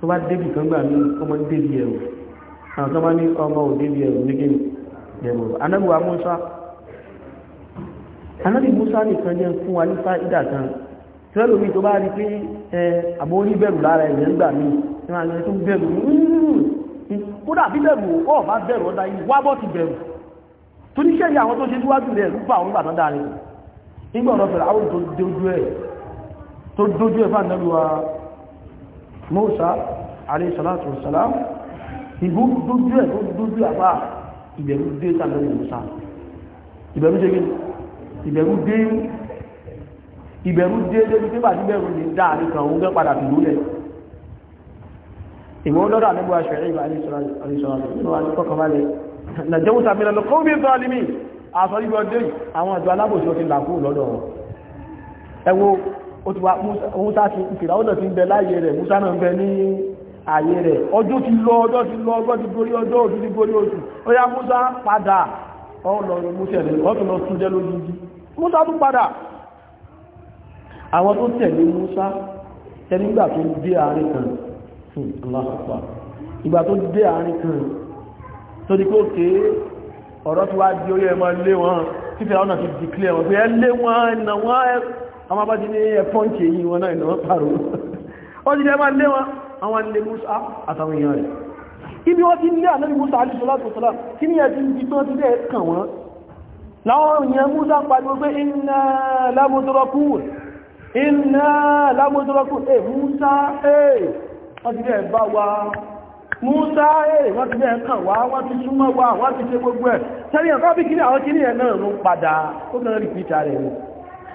[SPEAKER 1] tó bá débì kan gbà ní ọmọ débì ẹ̀rù àwọn tó bá ní ọmọ ò débì ẹ̀rù ní kíni ẹ̀rù anábìwá Musa anábì Musa nìkan jẹ́ fún wa ní fáìdà kan tí wọ́n lómi tó bá rí pé àbò oníbẹ̀rù lára ẹ̀rẹ̀ ń gbà mí ní wọ́n lè tó bẹ̀rù hmm. kódà bí bẹ̀rù ọ̀ bá bẹ̀rù ọ̀dá yìí wá bọ́ ti bẹ̀rù tó ní ṣẹ́yìn àwọn tó ṣe síwájú rẹ̀ rúpa àwọn ìgbà tán dáa ni nígbà ọ̀rọ̀ fẹ̀rẹ̀ àwọn tó dojú ẹ̀ fáànàlúwa Mùsá alayhi salatu wassalam ìbú dójú ẹ̀ tó dójú àbá ìbẹ̀rù dé tàbí Mùsá ìbẹ̀rù dé ìbẹ̀rù dé ìbẹ̀rù dé débi pé bàtí bẹ̀rù ní dáàrí kan ó gẹ́ padà fìlú lẹ̀ ìwọ́n lọ́dọ̀ àdébò aṣọ ìbà alayhi salatu nínú àdíkọ̀kọ̀balẹ̀ nàjẹ́wò sàmìnà lọ kọ́wé bọ́ọ̀lìmí àsọ̀lígbọ́dé àwọn àjọ ó ti wá Musa ti fìràwọ́ náà ti ń bẹ láyé rẹ̀ Musa náà ń bẹ ní àyè rẹ̀ ọjọ́ ti lọ ọjọ́ ti lọ ọjọ́ ti borí ọjọ́ òjú ti borí oṣù ó yá Musa padà ọlọ́run Musa rẹ̀ ọtún lọ tún jẹ́ lójijì Musa tún padà àwọn tó tẹ̀lé Musa tẹ̀lé nígbà tó dé àárín kan hmm, ìgbà tó dé àárín kan tó di pé òkè ọ̀rọ̀ tí wá di orí ẹmọ lé wọn fífẹ́ ọ̀nà ti dìklẹ̀ wọn pé ẹ lé wọn ẹ̀nà wọn àwọn bá ti ní ẹ̀pọ́ǹkì èyí wọn náà ìnáwó pàrọ̀ ó ti lẹ́mà lé wọn àwọn ilé musa àtàwọn èèyàn rẹ̀ ibi wọ́n ti lé ànábì musa alìsọ́lá kí ní ẹ̀sìn ibi tó ti lẹ́ kàn wọ́n láwọn èèyàn musa pàdé pé iná lámọ́tọ́rọ́kù iná lámọ́tọ́rọ́kù ẹ musa ẹ wọ́n ti lẹ́ bá wa musa ẹ wọ́n ti lẹ́ kàn wá wọ́n ti súnmọ́ wa wọ́n ti ṣe gbogbo ẹ̀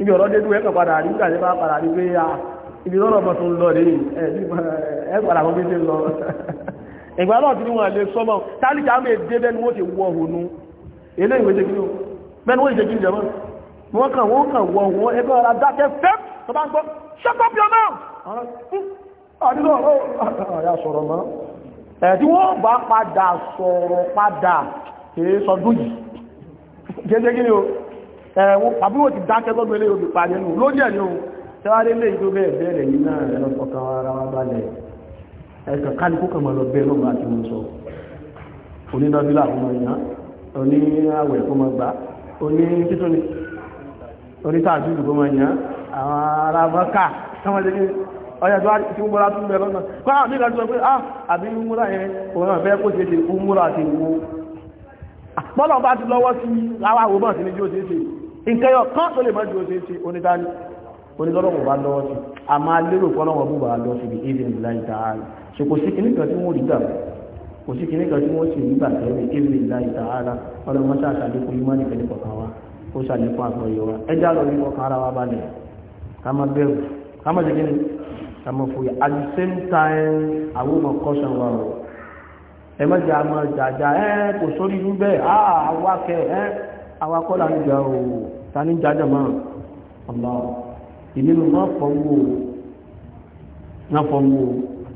[SPEAKER 1] ibi ọ̀rọ̀ dédú ẹ̀kọ̀ padà rí nígbà tí bá padà rí pé a ah, ibi lọ́rọ̀ ọmọ tó ń lọ rí ẹ̀ padà wọn bí ṣe ń lọ ìgbà náà tí wọ́n lè sọ́mọ̀ tálíkà mẹ́ dé bẹ́ni wọ́n ti wọ òhun eléyìí wọ́n ti kí ní o bẹ́ni wọ́n ti kí ní jẹ́mọ́ wọ́n kàn wọ́n kàn wọ òhun ẹgbẹ́ ọ̀rọ̀ adákẹ́ fẹ́ tó bá ń shut up your mouth ọ̀yà hmm, sọ̀rọ̀ mọ́ ẹ̀ tí wọ́n bá padà sọ̀rọ̀ padà kìí sọdún yìí ẹ̀wọ́ àbúrò ti dákẹ́ gbogbo ilé òbí parí ẹnu lórí ẹ̀ ní o tẹ́wàá lé ìjó bẹ́ẹ̀ bẹ́ẹ̀rẹ̀ yìí náà ẹ̀rọ fọkàn ara wa balẹ̀ ẹ̀kà kálukú kan máa lọ bẹ́ẹ̀ lọ́gbà àti wọn sọ onínàbílà fún ọ̀yàn oní àwẹ̀ fún ọmọ gbà oní títún ní onítàdúdù fún ọyàn àwọn ará bọ́kà tọ́wọ́n lé ọjà tó ti múra tún bẹ lọ́nà kọ́ àwọn nígbà tó sọ pé ah àbí múra yẹn òun náà fẹ́ kó ṣe ṣe kú múra àti wo bọ́lọ̀ bá ti lọ́wọ́ sí láwàwò bọ́ọ̀ sí ní bí ó ṣe ṣe nǹkan yọ kán tó lè mọ́jú oṣe ṣe onídání onídọ́lọ́wọ̀ bá lọ́wọ́ sí a máa lérò pọ́lọ́wọ̀ bó bá lọ sí ibi ìrìn láì dáhàrà kò sí kìíní kan tí wọ́n rí gbà kò sí kìíní kan tí wọ́n sì rí gbà tẹ́lẹ̀ ìrìn láì dáhàrà ọlọ́mọ sáà ṣàlékún kọ̀ọ̀kan wa ó wa ẹjá lọ ara wa ká má bẹ̀rù ká má àwa kọ́ là ń jà o ta ní jájà máa ọ̀la èmi ló máa fọ́ wò náà fọ́ wò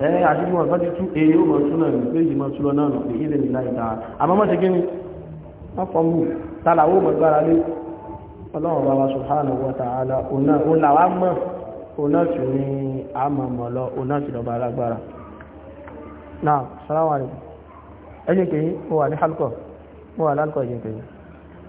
[SPEAKER 1] ẹ àdúgbò ọ̀sán ti tú èyí ó mọ̀ tún náà ní pé ìjìmọ̀ tún lọ náà nà pé ilẹ̀ nílá ìta àmọ́ mọ́ ṣe kíni wọ́n fọ́ wò tálà ó mọ̀ gbára lé ọlọ́run bá wa subhanahu wa ta'ala òun làwa mọ̀ òun náà sì ní àmọ̀mọ̀ lọ òun náà sì lọ́ba alágbára náà sàlámù aláìkùm ẹ̀yìn kìí mo wà ní halkọ̀ mo wà lálkọ̀ ẹ̀yìn kìí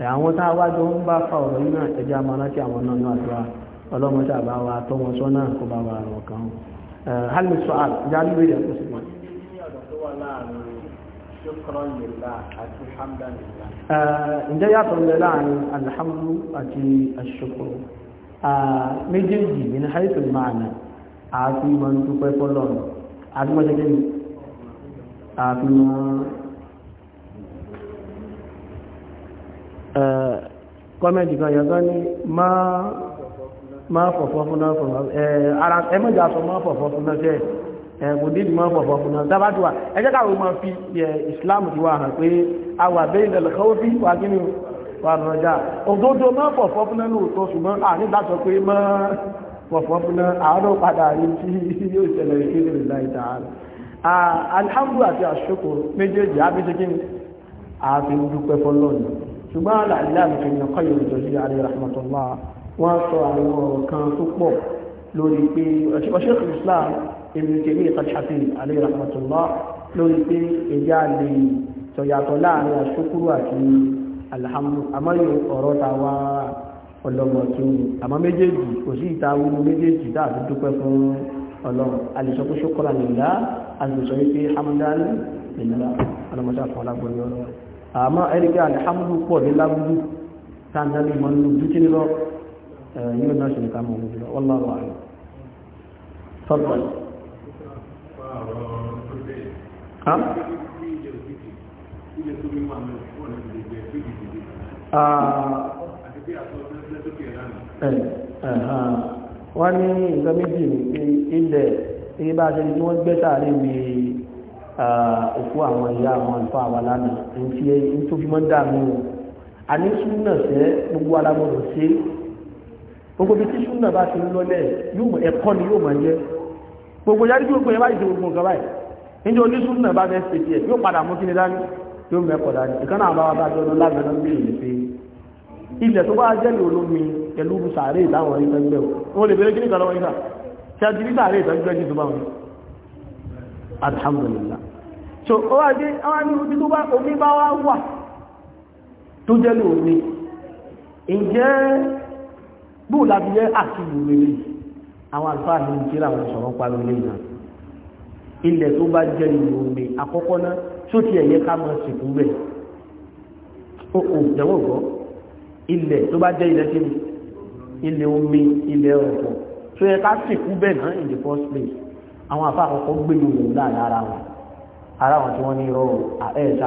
[SPEAKER 1] àwọn tá a wá jọ ń bá fa ọ̀rọ̀ yìí náà ẹja máa láti àwọn náà náà tó wá ọlọ́mọdé àbá wa tọ́ wọn sọ́nà kó bá wa rọ̀ kan hálì sọ àt jáde lórí ẹ̀kọ́ sí wọn. ǹjẹ́ yàtọ̀ ń láàrin alhamdu àti ashukuru méjèèjì ní haithul maana àti ìmọ̀ ń dúpẹ́ fọlọ́run àti mọ́ṣẹ́kẹ́ni àti mọ́ Eh, kọ́mẹ́ntì kan yẹn kan ní máa fọ̀fọ́ fúnná fọ̀fọ́ ara ẹ mọ̀jà sọ máa fọ̀fọ́ fúnná tẹ́ ẹ eh, kò ní ìdìmọ̀ fọ̀fọ́ fúnná dábàá ti wà ẹ káwọn máa fi eh, Islam ti wà hàn pé a wà bẹ́ẹ̀ ìdẹ̀lẹ̀ kọ́wọ́ fi wà kí ni wà rọjà òdodo máa fọ̀fọ́ fúnná lóòótọ́ ṣùgbọ́n à nígbà sọ pé máa fọ̀fọ́ fúnná alhamdu àti àṣokò méjèèjì á fi ṣe kí ni àfi dúpẹ́ ṣùgbọ́n aláàláàmì ẹ̀yàn kọ́ yóò jọ sí ààrẹ rahmatullah wọ́n sọ àwọn ọ̀rọ̀ kan tó pọ̀ lórí pé ọ̀ṣẹ́ islam ibn Taymiyyah ìtàṣàfihàn ààrẹ rahmatullah lórí pé ẹ̀yà lè tọ̀yàtọ̀ láàrin àṣókúrú àti alhamdu àmọ́yò ọ̀rọ̀ ta wá ọlọ́mọ tó ń àmọ́ méjèèjì kò sí ìta wúlú méjèèjì dáàbí dúpẹ́ fún ọlọ́run alìsọkúṣokọ́ra nìlá alìsọ wípé hamdan nìlá ọlọ́mọdé àfọwọ́lágbọ́n ní ọlọ́run àmọ́ ẹ̀ríkẹ́ alihamudu pọ̀ ní lábúrú tàbí mọ́ nínú dúkìní lọ yóò náà ṣe nìkan mọ̀ òun lọ wọ́n lọ́wọ́ àrùn tọ́pọ̀ wọ́n ní nǹkan méjì ní ilẹ̀ tí bá wọ́n gbẹ́ta rí òkú àwọn ìyá àwọn ìfọ́ àwọn lánà ń fi ẹyìn tó fi mọ́ o a ní súnà sẹ́ gbogbo alágbọ́dọ̀ sí gbogbo bí tí súnà bá ti ń lọlẹ̀ ẹ̀kọ́ ni yóò máa jẹ́ gbogbo yàrá gbogbo ẹ̀ báyìí ṣe gbogbo nǹkan báyìí níjẹ́ oní súnà bá fẹ́ ṣe tiẹ̀ yóò padà mú kí ni dání yóò mẹ́kọ̀ dání ìkan náà bá wà bá jọ́nà lágbẹ̀ẹ́ náà ń bèèrè pé ilẹ̀ tó bá jẹ́ lè olómi pẹ̀lú sàárè ìtàwọn ìtàgbẹ̀ wọn lè bẹ̀rẹ̀ alhamdulillah so ó wá dé àwọn ní ojú tó bá omi bá wá wà tó jẹ́ ní omi ǹjẹ́ bóò láti jẹ́ àti ìwúrere àwọn àlùfáà ní ìjírà wọn sọ̀rọ̀ parí ilé náà ilẹ̀ tó bá jẹ́ ìlú omi àkọ́kọ́ náà tó ti ẹ̀yẹ ká mọ́ sìnkú rẹ̀ ó kò jẹ́wọ́ gbọ́ ilẹ̀ tó bá jẹ́ ilẹ̀ tí ilẹ̀ omi ilẹ̀ ọ̀pọ̀ tó yẹ ká sìnkú bẹ̀ náà in the first place àwọn àfa àkọ́kọ́ gbèlú wò láàrin ara wọn ara wọn tí wọ́n ní rọrùn ẹ̀ rẹ̀ tó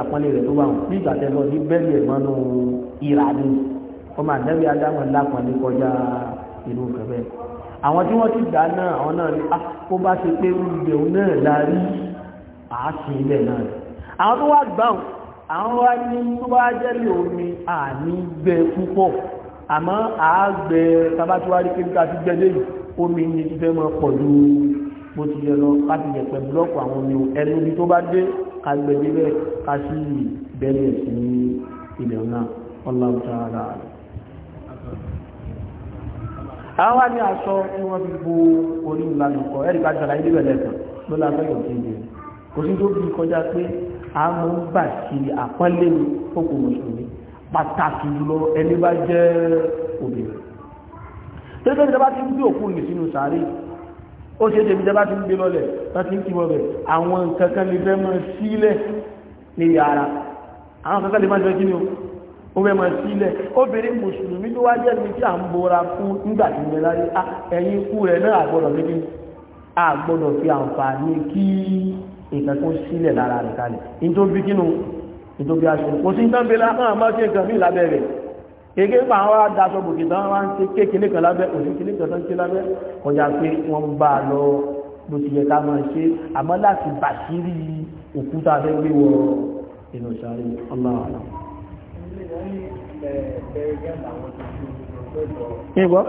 [SPEAKER 1] bá wọn bí ìgbà tẹ́lọ ní bẹ́ẹ̀lì ẹ̀ mọ́nú ìrà ni ọmọ àdẹ́bí adámọ̀ lápọ̀nlé kọjá ìlú kẹfẹ́ àwọn tí wọ́n ti dá náà àwọn náà ní kó ah, bá ṣe pé oúnjẹ òun náà la rí àásì ilẹ̀ náà àwọn tó wá gbà àwọn wá ní tó bá jẹ́lẹ̀ omi àní gbẹ púpọ̀ àmọ́ àágbẹ tabatuwari kébíkà ti gbẹ lẹ́yìn omi ni ti fẹ́ mọ́ pọ̀ lóòrùn bó ti yẹ lọ láti jẹ̀pẹ̀ búlọ́ọ̀kù àwọn omi ẹnu bí tó bá dé ká gbé débẹ̀ ká sí bẹ́ẹ̀lẹ̀ sí ilẹ̀ náà Allahu ta'ala. àwa ní aṣọ tí wọ́n fi bo orí ìlànà kọ ẹ̀rí ká ṣàlàyé níbẹ̀ lẹ́sàn ló la fẹ́ yọ̀ kéde kò sí tó bí kọjá pé a mọ̀ ń bà sí àpọ́nlé ní òkú mùsùlùmí pàtàkì jùlọ ẹni bá jẹ́ obìnrin. tẹ́tẹ́ ìjọba ti ó ṣe ṣe ìjọba ti ń gbé lọ́lẹ̀ bá ti ń kí wọ́bẹ̀ àwọn nǹkan kan lè fẹ́ mọ́ sílẹ̀ ní yàrá àwọn nǹkan kan lè máa jọ kí ni ó fẹ́ mọ́ sílẹ̀ obìnrin mùsùlùmí ló wá jẹ́ ní tí à ń bora fún nígbà tí mo láyé ẹ̀yìn ikú rẹ̀ náà àgbọ̀dọ̀ méjì àgbọ̀dọ̀ fi àǹfààní kí nǹkan tó sílẹ̀ lára rẹ̀ kalẹ̀ nítorí kí ni nítorí aṣọ kò sí nǹkan bẹ́ẹ̀ lápá àmọ́ kéèké pa àwọn adaṣọ bòkè tán wá ń ṣe kéèkéé kan lábẹ́ òní kéèkéé kan tán ṣe lábẹ́ ọjà pé wọ́n ń bá a lọ bó ti yẹ ká máa ṣe àmọ́ láti bàṣírí òkúta fẹ́ gbé wọ inú sáré ọlọ́run. ìgbọ́.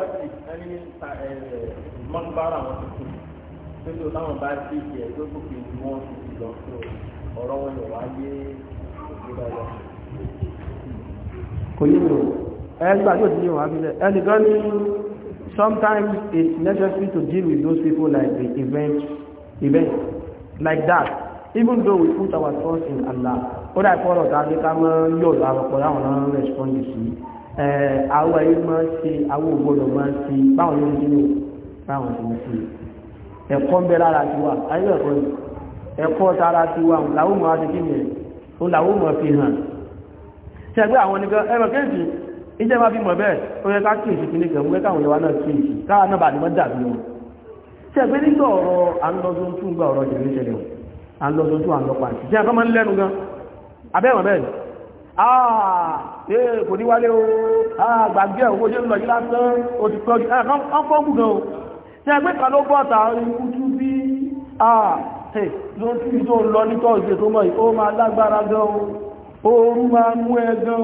[SPEAKER 1] ọ̀rọ̀ wọn yóò wáyé òkúta lọ. kò yí lò ẹgbà sometimes it's necessary to deal with those people like the event event like that even though we put our trust in Allah ó dà ìfọ́rọ̀ tá a ní ká máa ń yọ̀rọ̀ àrọ̀pọ̀ láwọn náà ń respond sí àwọn ẹ̀yí máa ń ṣe àwọn ògbọ́dọ̀ máa ń ṣe báwọn ló ń dín ní báwọn ló ń ṣe ẹ̀kọ́ ń bẹ lára ti wà ayé ẹ̀kọ́ yìí ẹ̀kọ́ tara ti wà làwọn máa ti kí ni ẹ̀ làwọn máa fi hàn ṣẹ́gbẹ́ àwọn nìkan ẹ̀rọ kéèkì iṣẹ́ máa fi mọ̀ bẹ́ẹ̀ ó yẹ ká kí èsì kìíní kan mú káwọn ìwà náà kí èsì káà náà bà ní wọ́n dàbí wọn ṣe pé nígbà ọ̀rọ̀ àńlọ́dún tún gba ọ̀rọ̀ jẹ̀rẹ̀ ń lẹ́nu ah ee kò ní wálé o ah gbàgbé ẹ̀ owó jẹ́ lọ yìí lásán o ti tọ́jú ẹ̀ kán fọ́ọ̀mù gan o ṣe pé kan ah ló tú tó ń lọ nítọ́ ìṣètò mọ́ ì ó máa lágbára gan o ooru máa mú ẹ gan o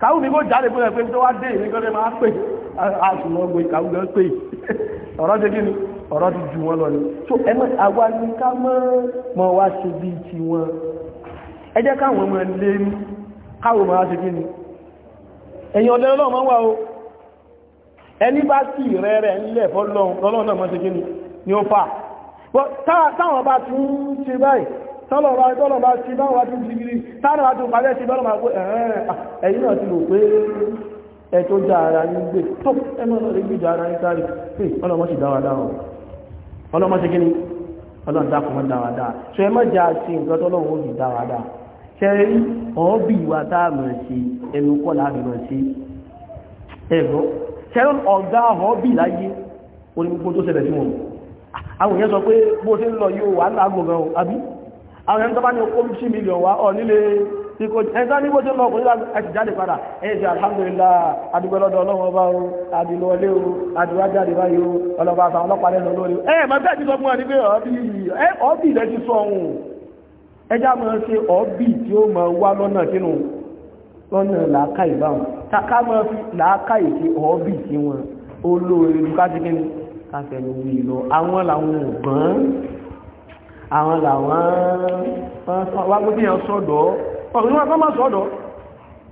[SPEAKER 1] kàwù mi kò jáde fún ẹ pé tó wá dé ìwé kọ́lé máa pè àṣùlọ́gbé kàwù gan pè ọ̀rọ̀ ti kí ni ọ̀rọ̀ ti jù wọn lọ ni so ẹmọ àwa ni ká mọ́ wá ṣe bí ti wọn ẹ jẹ́ káwọn ọmọ lé ní káwò máa ṣe kí ni ẹ̀yìn ọ̀dẹ́ ọlọ́mọ wà o ẹni bá sì rẹ̀ rẹ̀ nílẹ̀ fọ́lọ́run náà mọ́ ṣe kí ni ni ó fà táwọn bá tún ṣe báyìí tọ́lọ̀wà tọ́lọ̀wà ti báwà tún jìgìrì tánàwà tún pàdé sí bọ́lọ̀wà pé ẹ̀yìn náà ti rò pé ẹ̀tọ́ jà ara ní gbé tó ẹmọ́ lọ́rẹ̀ gbé jà ara ní sáré pé ọlọ́mọ́ sì dáwà dáwà ọlọ́mọ́ sí kíní ọlọ́run dákùnmọ́ so ẹmọ́ jà sí nǹkan tọ́lọ́run ó sì dáwà dáa ṣe rí ọ̀ọ́bì ìwà táàmù sí ẹnu kọ́ láàrin sí ẹ̀gọ́ ṣe rí ọ̀gá ọ̀ọ́bì láyé onígbogbo tó ṣẹlẹ̀ sí wọn àwọn èèyàn sọ pé bó àwọn ẹni tó bá ní okó sí mílíọ̀n wá ọ̀ nílé ikọ̀ ẹni tó ní bó ṣe lọ ẹ̀sì jáde padà ẹ̀yìn sí alhamdulillah adúgbẹ́lọ́dọ̀ ọlọ́run ọba o adìlọ́lé o adìwájáde báyìí o ọlọ́ba àtàwọn ọlọ́pàá lẹ́nu olórí o ẹ̀ mọ̀ bẹ́ẹ̀ ti sọ fún ọ ní pé ọ̀bì rẹ̀ ti sọ ọ̀hún ẹjá mọ̀ ṣe ọ̀bì tí ó mọ̀ wá lọ́nà kínú lọ́nà làákà ìbáwọn ká àwọn làwọn wá gbé kíyàn sọ́dọ̀ ọ̀rùn náà kọ́ máa sọ́dọ̀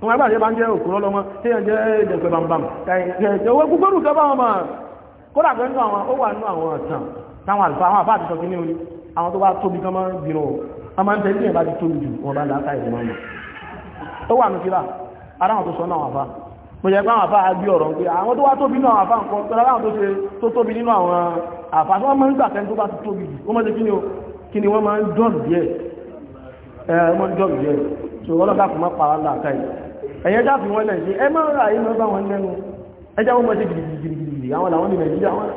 [SPEAKER 1] wọn ẹgbà jẹ́ bá ń jẹ́ òkúrọ́ lọ́mọ kíyàn jẹ́ ìdẹ̀kọ̀ bambam ẹ̀yẹ̀wọ́ gbogbo rú kẹba wọn máa kódà pé nínú àwọn ó wà nínú àwọn ọ̀tàn táwọn àlùfáà àwọn àbáàtì sọ kíní orí àwọn tó bá tóbi kan máa ń bínú wọn máa ń tẹ́lẹ̀ bí ẹ̀ bá ti tóbi jù wọn bá láta ìlú máa ń lọ ó wà nù kíra ara wọn tó sọ náà àfá mo jẹ́ pé àwọn àfá agbí ọ̀rọ̀ pé àwọn tó wá tóbi nínú àwọn àfá nǹkan kí ni wọ́n máa ń dọ̀rù díẹ̀ ẹ wọ́n dọ̀rù díẹ̀ so wọ́n lọ́dà kò má para láàká yìí ẹ̀yẹ já fi wọ́n lẹ̀ ṣe ẹ máa ń ra iná bá wọn lẹ́nu ẹ já wọ́n mọ̀ sí gidigidi àwọn làwọn ní nàìjíríà wọn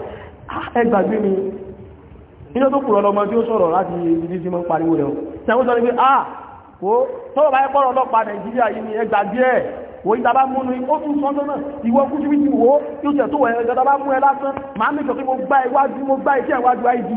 [SPEAKER 1] ah, ẹ gbàgbé ni iná tó kùrọ̀ lọmọ tí ó sọ̀rọ̀ láti ibi tí mo ń pariwo rẹ̀ ṣe àwọn sọ ni pé ah wo tọ́wọ́ bá yẹ kọ́rọ̀ ọlọ́pàá nàìjíríà yìí ni ẹ gbàgbé ẹ̀ wo ìtàbá múnú ó tún sọ́nà náà ìwọ kú sí wíjì wo yóò tẹ̀ tó wẹ̀ ẹ̀gọ́ta bá mú ẹ lásán máa mẹ́jọ pé mo gbá iwájú mo gbá iṣẹ́ iwájú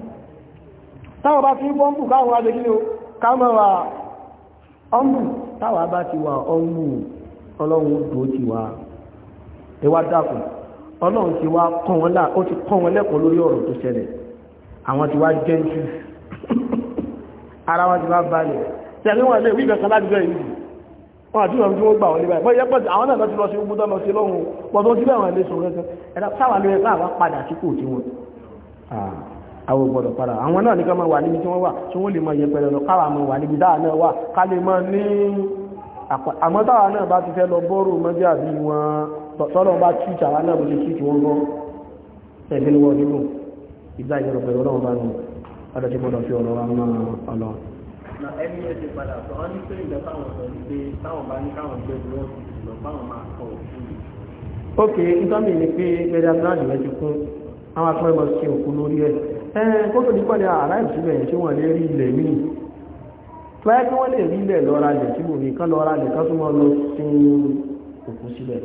[SPEAKER 1] táwọn bá ti ń pọ́ǹpù káwọn adé kí ni ó káwọn wà ọ́nbù táwọn bá ti wà ọ́nbù ọlọ́run tó ti wà ẹwà dákùn ọlọ́run ti wá kọ́ wọn lá ó ti kọ́ wọn lẹ́kọ̀ọ́ lórí ọ̀rọ̀ tó ṣẹlẹ̀ àwọn ti wá jẹ́ńtù ara wọn ti wá balẹ̀ tẹ̀lé wọn lè wí ìbẹ̀kan láti bẹ̀rẹ̀ yìí wọn àti ìrọ̀rùn tí wọ́n gbà wọn níbàá bọ́ yẹ́pọ̀ àwọn náà ti lọ sí ogun tọ́lọ sí lọ́hùn pọ̀ tó ti bẹ̀rẹ̀ lè sọ rẹ̀ ẹ̀dá sáwà lóye pé àwọn padà sí kò tí wọn ah. àwọn gbọdọ̀ padà àwọn náà ní ká máa wà níbi tí wọ́n wà tí wọ́n lè máa lọ káwà máa wà níbi dáa náà wà ká lè máa ní àmọ́ táwa náà bá ti fẹ́ lọ bọ́rù mọ́jẹ́ àbí wọn tọ́lọ́ bá tú ìtàwá náà bó ṣe tú wọn ẹ̀fẹ́ ni wọ́n nínú ìgbà tí ẹn kó tó dípọ̀ ní àráìbù síbẹ̀ yẹn tí wọ́n lè rí ilẹ̀ míì láyé kí wọ́n lè rí ilẹ̀ lọ́ra lẹ̀ tí mo nìkan lọ́ra lẹ̀ kan tó mọ́ lọ sí òkú síbẹ̀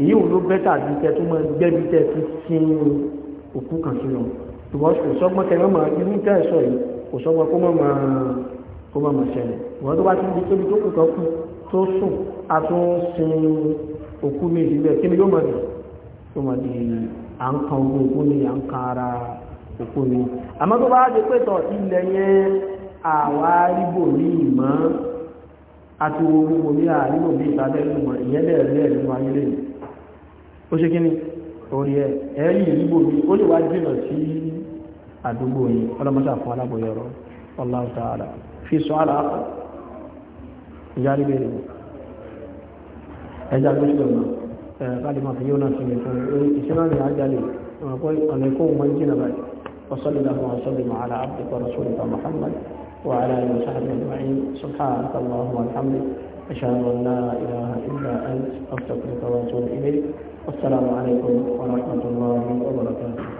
[SPEAKER 1] èyí ò ló bẹ́tà bí tẹ tó mọ́ gbẹ́bí tẹ tó sí òkú kan sí lọ because kò sọ́gbọ́n tẹ mọ́ máa irú tẹ́ ẹ̀ sọ yìí kò sọ́gbọ́n kó mọ́ máa kó mọ́ di tóbi tó kù kan kú tó sùn a tún sin ni yóò máa dì yóò máa dì à ni à ara òkú ni àmọ́ tó bá jẹ pé tọ̀ ilẹ̀ yẹn àwa arígbò ní ìmọ̀ àti owó gbogbo ní àrígbò ní ìtàbẹ̀ ìlúmọ̀ ìyẹn bẹ̀rẹ̀ rí ẹ̀ nínú ayé lẹ́yìn ó ṣe kíni orí ẹ ẹ̀rí ìrígbò mi ó lè wá jìnà sí àdúgbò yìí ọlọ́mọṣà fún aláboyọrọ fi sọ náà sí ìṣẹ́ náà àjálẹ̀ ọ̀nà ìkóhùn mọ́ jìnà báyìí وصلى الله وسلم على عبدك ورسولك محمد وعلى آله وصحبه أجمعين سبحانك اللهم وبحمدك أشهد أن لا إله إلا أنت أستغفرك وأتوب إليك والسلام عليكم ورحمة الله وبركاته